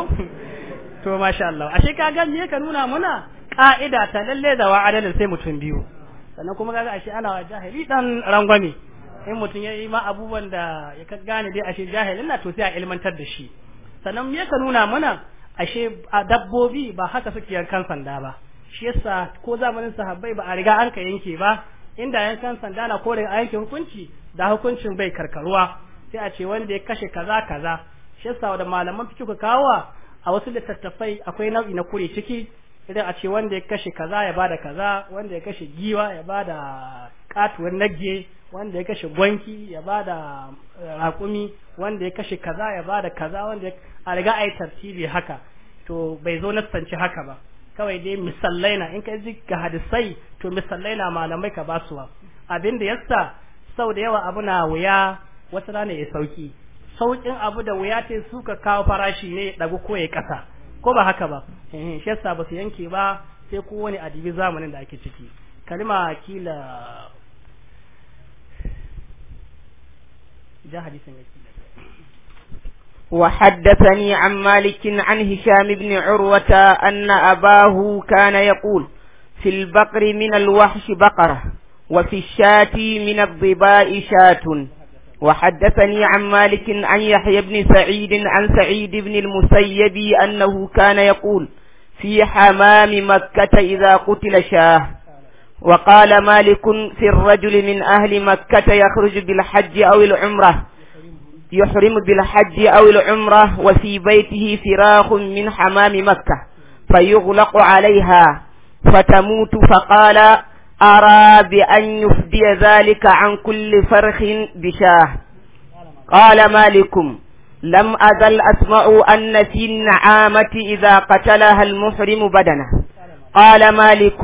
to masha Allah ashe kaga me ka nuna muna ka'ida ta lalle da wa adalin sai mutum biyu sannan kuma kaga ashe ana jahili dan rangwame in mutum ya yi ma abubuwan da ya ka gane dai ashe jahilin na to sai a ilmantar da shi sannan me ka nuna mana ashe a dabbobi ba haka suke yankan sanda ba shi yasa ko zamanin sahabbai ba a riga an ka yanke ba inda yankan sanda na kore a yanke hukunci da hukuncin bai karkaruwa sai a ce wanda ya kashe kaza kaza shi yasa da malaman ka kawo a wasu littattafai akwai nau'i na kure ciki idan a ce wanda ya kashe kaza ya bada kaza wanda ya kashe giwa ya bada katuwar nagge wanda ya kashe gwanki ya bada eh, rakumi wanda ya kashe kaza ya bada kaza wanda a riga ai tartibi haka to bai zo nassanci haka ba kawai dai misallai na in ka ji ga hadisai to misallai na malamai ka basuwa abin da yasa sau da yawa abu na wuya wata rana ya sauki saukin abu da wuya ce suka kawo farashi ne dago ko ya kasa ko ba haka ba eh shi yasa ba su yanke ba sai ko wani adibi zamanin da ake ciki kalma kila ja hadisin yake وحدثني عن مالك عن هشام بن عروة أن أباه كان يقول في البقر من الوحش بقرة وفي الشاة من الضباء شاة وحدثني عن مالك عن يحيى بن سعيد عن سعيد بن المسيب أنه كان يقول في حمام مكة إذا قتل شاه وقال مالك في الرجل من أهل مكة يخرج بالحج أو العمرة يحرم بالحج أو العمرة وفي بيته فراخ من حمام مكة فيغلق عليها فتموت فقال أرى بأن يفدي ذلك عن كل فرخ بشاه قال مالكم لم أزل أسمع أن في النعامة إذا قتلها المحرم بدنه قال مالك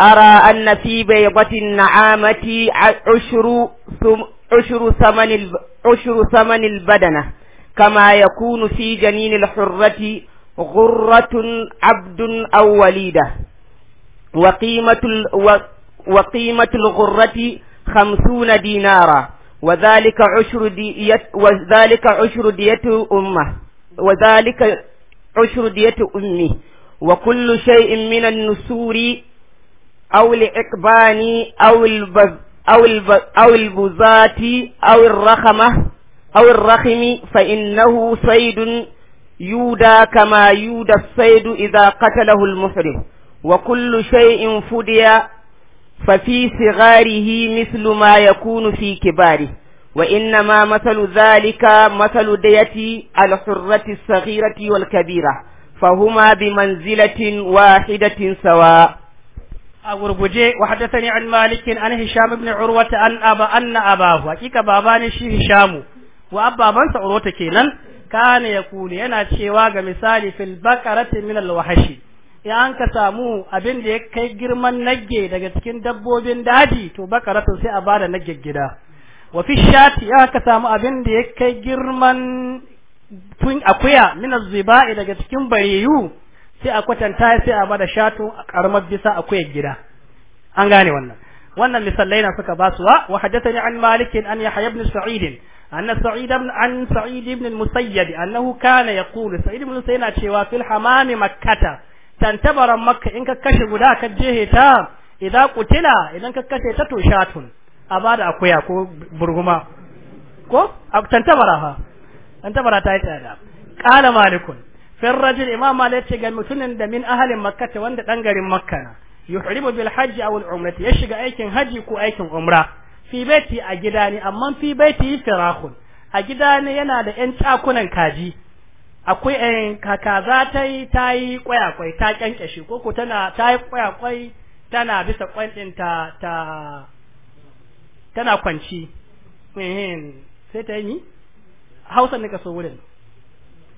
أرى أن في بيضة النعامة عشر ثم عشر ثمن عشر ثمن البدنة كما يكون في جنين الحرة غرة عبد أو وليدة وقيمة وقيمة الغرة خمسون دينارا وذلك عشر دية وذلك عشر دية أمه وذلك عشر دية أمه وكل شيء من النسور أو الإقبان أو البذ أو الب أو البزاة أو الرخمة أو الرخم فإنه صيد يودى كما يودى الصيد إذا قتله المحرم وكل شيء فدي ففي صغاره مثل ما يكون في كباره وإنما مثل ذلك مثل دية الحرة الصغيرة والكبيرة فهما بمنزلة واحدة سواء أغربجي وحدثني عن مالك عن هشام بن عروة أن أبا أن أباه حقيقة بابان شي هشام وأبا بنت عروة كينا كان يقول ينا شيواغ مثالي في البقرة من الوحشي ya an ka samu abin da ya kai girman nagge daga cikin dabbobin daji to bakaratu sai a bada nagge gida wa fi shati ya ka samu abin da ya kai girman tun akuya min zibai daga cikin bareyu sai a kwatanta sai a bada shato a karamar bisa akuya gida an gane wannan wannan misalai na suka basuwa wa hadathani an malik an yahya ibn sa'id أن سعيد بن عن سعيد بن المسيب أنه كان يقول سعيد بن المسيب cewa fil hamami makkata tantabaran makka in ka kashe guda ka jehe ta idan kutila idan ka kashe ta to shatun a akuya ko burguma ko tantabara ha tantabara ta yi tsada qala malikun fir rajul imam malik ce ga mutumin da min ahalin makka ta wanda dan garin makka na yuhribu bil hajji aw al umrati ya shiga aikin haji ko aikin umra fi baiti a gida ne amma fi baiti firahun a gida ne yana da yan cakunan kaji akwai ɗan eh, kaka za ta yi ta yi kwayakwai ta kyankyashe ko ko tana ta yi kwayakwai tana bisa kwan ɗin ta ta tana kwanci sai ta yi hausa nika so wurin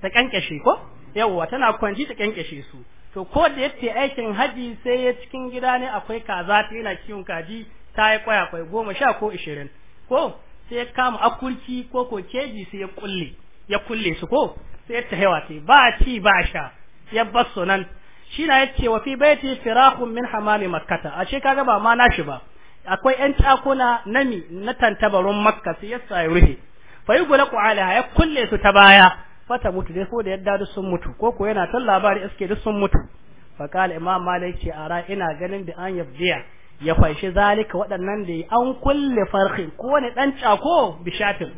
ta kyankyashe ko yawwa tana kwanci ta kyankyashe su to ko da yace aikin haji sai ya cikin gida ne akwai kaza ta yana kiwon kaji ta yi kwayakwai goma sha ko ishirin ko sai ya kama akurki ko ko keji sai ya kulle ya kulle su ko sai ta hewa ce ba ci ba sha ya basu nan shi na yace wa fi baiti firaqun min hamami makkata ashe kaga ba ma shi ba akwai yan takuna nami na tantabarun makka sai ya ya ruhi fa yughlaqu alaiha ya kulle su ta baya fata mutu dai ko da yadda duk sun mutu ko ko yana tan labari iske duk sun mutu fa kala imam malik ce ara ina ganin da an yabdiya ya kwaishi zalika waɗannan da an kulle farkin ko ne dan cako bishatin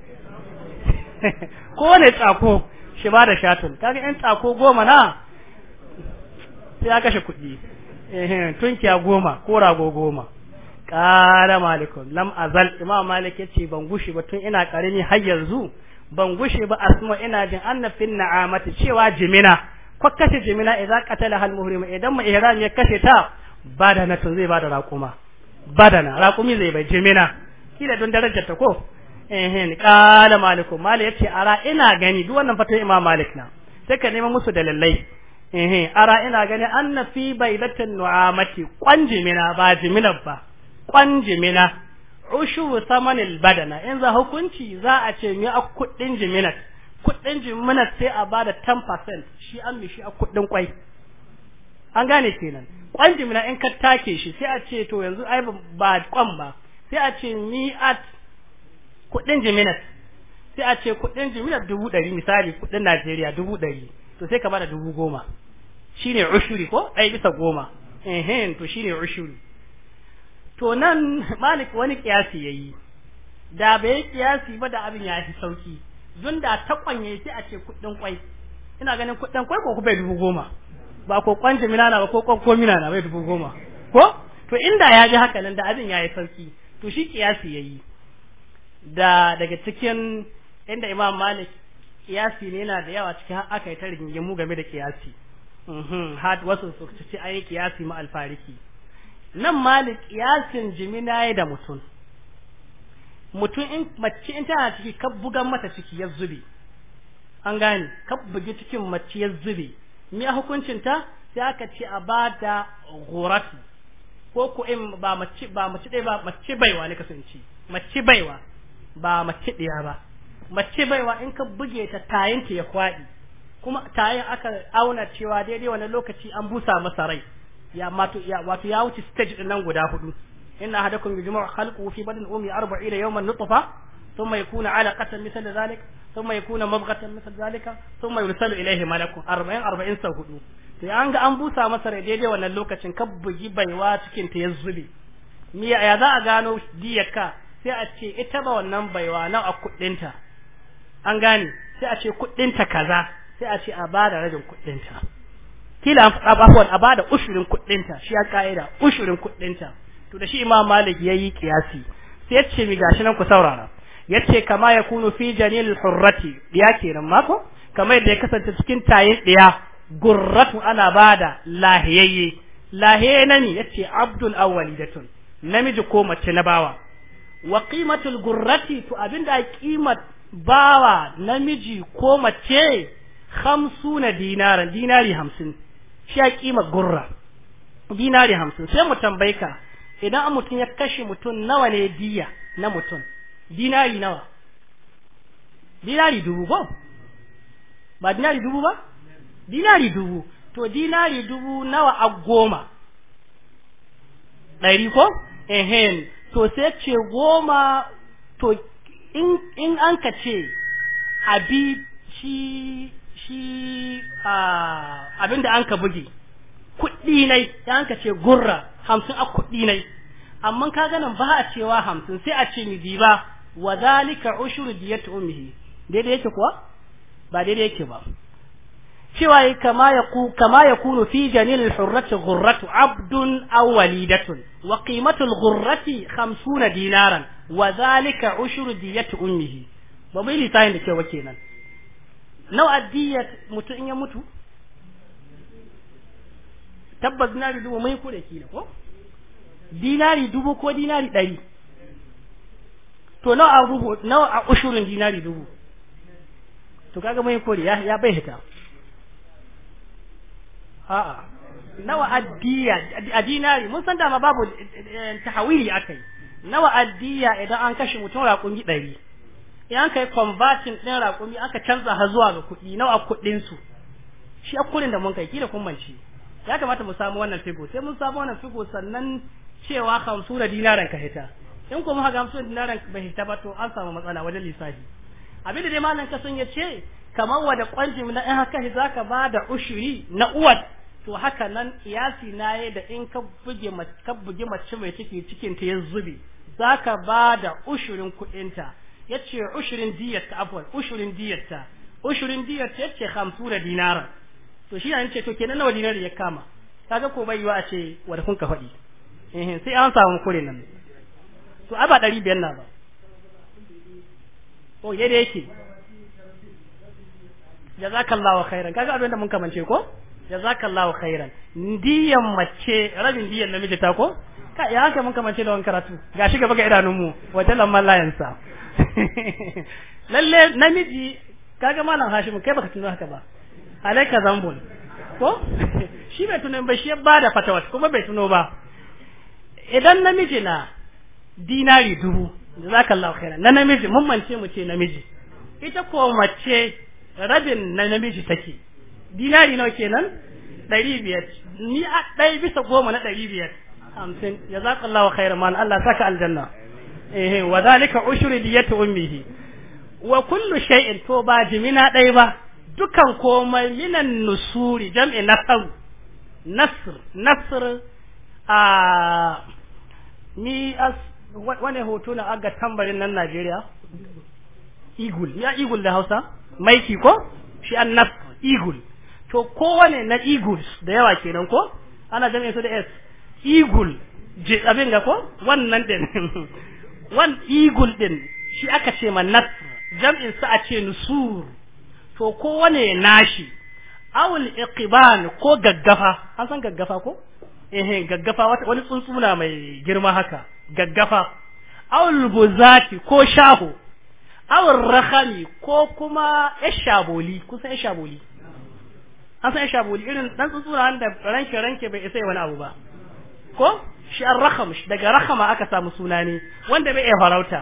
ko ne cako shi bada da shatun kaga yan tsako goma na sai ya kashe kuɗi tunkiya goma ko rago goma ƙara malikun lam azal imam malik ce ban gushe ba tun ina ƙarami har yanzu ban gushe ba asma ina jin annafin na'amati cewa jimina ko kashe jimina idza qatala hal muhrim idan mu ihram ya kashe ta ba na tun zai bada da na raƙumi zai bai jimina kila don darajar ta ko ehin kala maliku mali yace ara ina gani duk wannan fatan imam malik na sai ka nemi musu dalilai ehin ara ina gani anna fi baidatin nu'amati mina ba jimina ba mina ushu samanil badana in za hukunci za a ce mi a kuɗin jiminat kuɗin jiminat sai a bada 10% shi an mi shi a kuɗin kwai an gane kenan kwan jimina in ka take shi sai a ce to yanzu ai ba kwan ba sai a ce mi at kuɗin jiminas sai a ce kuɗin jiminas dubu ɗari misali kuɗin najeriya dubu ɗari to sai ka bada dubu goma shi ne ushuri ko ɗaya bisa goma ehen to ne ushuri to nan malik wani kiyasi ya yi, da bai kiyasi ba da abin ya fi sauki don da ta kwanye sai a ce kuɗin kwai ina ganin kuɗin kwai ko kuɓe dubu goma ba ko kwan jimina na ba ko kwan komina na bai dubu goma ko to inda ya ji haka nan da abin ya yi sauki to shi kiyasi ya yi. da daga cikin inda imam malik kiyasi ne yana da yawa cikin aka yi ta mu game da kiyasi mhm, had wasu su ci an yi kiyasi ma alfariki nan malik kiyasin jimina ya da mutum mutum in mace in tana ciki kan bugan mata ciki ya zube an gane kan bugi cikin mace ya zube me a hukuncinta sai aka ce a ba da ko ku in ba mace ba mace dai ba mace baiwa ne kasance mace baiwa ba mace ɗaya ba mace baiwa in ka buge ta tayin ya kwaɗi kuma tayin aka auna cewa daidai wani lokaci an busa masa rai ya mato ya wato ya wuce stage din nan guda hudu inna ahadakum yujma'u khalquhu fi badan ummi 40 yawman nutfa ثم يكون علقة مثل ذلك ثم يكون مبغة مثل ذلك ثم يرسل إليه 40 أربعين أربعين سوهدو sai an ga an busa masa rai daidai wannan lokacin ka bugi baiwa cikin ta ya zube miya ya za a gano diyaka sai a ce ita ba wannan baiwa nan a kuɗinta an gane sai a ce kuɗinta kaza sai a ce a ba da rajin kuɗinta kila an abubuwan a ba da ushirin kuɗinta shi ya ka'ida ushirin kuɗinta to da shi imam malik ya yi kiyasi sai ya ce mi gashi nan ku saurara ya ce kama ya kunu fi janil hurrati ɗiya kenan mako kama yadda ya kasance cikin tayin ɗiya gurratu ana ba da lahiyayye lahiyayye na ne ya ce abdul tun namiji ko mace na bawa wa qimatul gurrati to abinda kimat bawa namiji ko mace hamsuna dinaran dinari hamsin shi a kima gurra dinari hamsin sai mu tambaye ka idan mutum ya kashe mutum nawa ne diya na mutum dinari nawa dinari dubu ba ba dinari dubu ba dinari dubu to dinari dubu nawa a goma ɗari ko ehen to sai ce goma to in an ka ce abi shi shi abin da an ka buge kuɗi ne ya an ka ce gurra hamsin a kuɗi ne amma ka ganin ba a cewa hamsin sai a ce mi ba wa zalika ushuru diyatu ummihi daidai yake kuwa ba daidai yake ba cewa kama ya ku kama ya kunu fi janil hurrati ghurratu abdun aw walidatun wa qimatu ghurrati 50 dinaran wa zalika ushru diyati ummihi ba mai litayin da cewa kenan nawa diyat mutu in ya mutu tabbas dinari dubu mai kure kila ko dinari dubu ko dinari dari to nawa a rubu a ushurin dinari dubu to kaga mai kore ya ya bai hita a'a nawa addiya a dinari mun san dama babu eh, eh, tahawili akai nawa addiya idan an kashe mutum raƙumi ɗari idan kai converting ɗin raƙumi aka canza ha zuwa ga kuɗi nawa kuɗinsu su shi a kurin da mun kai kila kun manci ya kamata mu samu wannan figo sai mun samu wannan figo sannan cewa hamsu da dinaran ka hita in kuma haka hamsu da dinaran bai hita ba to an samu matsala wajen lissafi abin da dai malam sun ya ce kamar wa da na in haka zaka ka ba da ushiri na uwat to haka nan iyasi na yi da in ka buge mace mai ciki cikin ta ya za zaka ba da ushirin kuɗinta ya ce ushirin diyarta afwal ushirin diyarta ushirin diyarta ya ce hamsu da dinara to shi yayin ce to kenan nawa dinar ya kama kaga ko bai yiwa a ce wani kun ka faɗi eh sai an samu kure nan to a ba ɗari biyar na ba to yadda yake jazakallahu khairan kaga abin da mun kamance ko jazakallahu khairan ndiyan mace rabin diyan namiji ta ko ka ya haka mun kamance da wani karatu gashi gaba ga idanun mu wata lamman layansa lalle namiji kaga malam hashim kai baka tuno haka ba alaika zambul ko shi bai tuno ba shi ya bada fatawa kuma bai tuno ba idan namiji na dinari dubu jazakallahu khairan na namiji mun mance mu ce namiji ita ko mace rabin na namiji take dinari nawa kenan ɗari biyar ni a ɗaya bisa goma na ɗari biyar hamsin ya zaƙa Allah wa khairu man Allah saka aljanna eh wa zalika ushri diyatu ummihi wa kullu shay'in to ba jimina ɗaya ba dukan komai minan nusuri jam'i nasr nasr nasr a ni as wani hoto na aga tambarin nan Najeriya eagle ya eagle da Hausa maiki ko shi an nasr eagle to kowane na eagles da yawa kenan ko ana jami'a su da s eagle je abin ga ko wannan din wan eagle din shi aka ce ma nas jam'in sa a ce nusur to kowane nashi awul iqban ko gaggafa an san gaggafa ko eh gaggafa wani tsuntsuna mai girma haka gaggafa awul buzati ko shaho awul rakhami ko kuma yashaboli kusan yashaboli an san irin dan tsutsura wanda ranke ranke bai isa wani abu ba ko shi an rakham daga rahama aka samu suna ne wanda bai iya farauta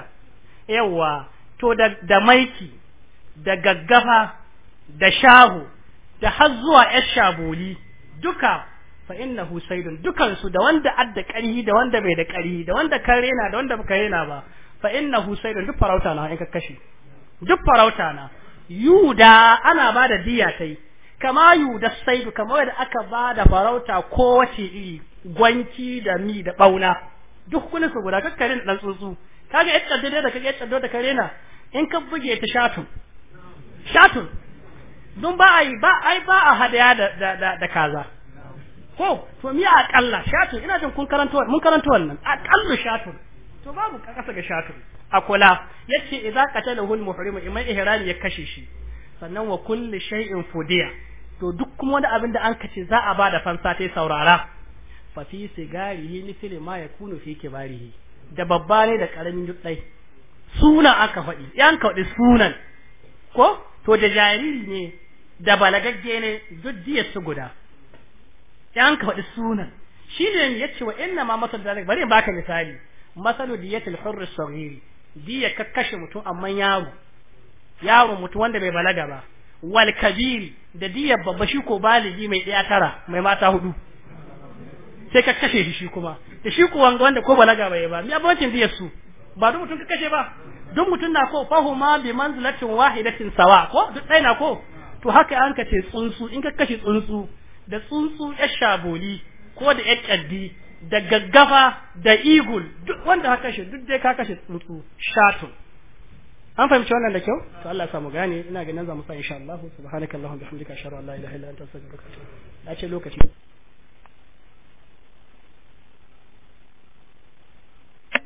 yawa to da da maiki da gaggafa da shahu da har zuwa yar shabuli duka fa innahu saydun dukan su da wanda adda ƙarhi da wanda bai da ƙarhi da wanda kan rena da wanda baka rena ba fa innahu saydun duk farauta na in ka kashi duk farauta na yuda ana bada da diya tai kama yu da saidu kamar da aka ba da farauta ko wace iri gwanki da mi da bauna duk kullun su guda kakkarin dan tsuntsu kaga yadda da da kaga yadda da kare na in ka buge ta shatun shatun don ba ai ba ai ba a hadaya da da da kaza ko to mi a kalla shatun ina jin kun karanto mun karanto wannan a kallu shatun to babu kasa ga shatun akula yace idza qatalahu al-muhrimu imai ihrami ya kashe shi sannan wa kulli shay'in fudiya to duk kuma wani abin da an kace za a bada fansa tai saurara fa fi sigarihi mithli ma yakunu fi kibarihi da babba ne da karamin dutsai suna aka faɗi yan ka faɗi sunan ko to da jariri ne da balagagge ne duk diya su guda yan ka faɗi sunan shi ne ya wa inna ma masal da bare baka misali masalu diyatul hurr as-saghir diya kakkashe mutum amma yaro yaron mutu wanda bai balaga ba wal kabiri da diyar babba shi ko baligi mai ɗaya tara mai mata hudu sai ka kashe shi kuma da shi ko wanda ko balaga bai ba mi abincin diyar su ba duk mutum ka kashe ba duk mutum na ko fahuma bi manzilatin wahidatin sawa ko duk ɗaya na ko to haka an ka ce tsuntsu in ka kashe tsuntsu da tsuntsu ya shaboli ko da ya kaddi da gaggafa da igul duk wanda ka kashe duk dai ka kashe tsuntsu shatun an fahimci wannan da kyau to Allah ya samu gane ina ganin za mu sa insha Allah subhanakallahumma bihamdika ashhadu an la ilaha illa anta astaghfiruka wa atubu ilaik lokaci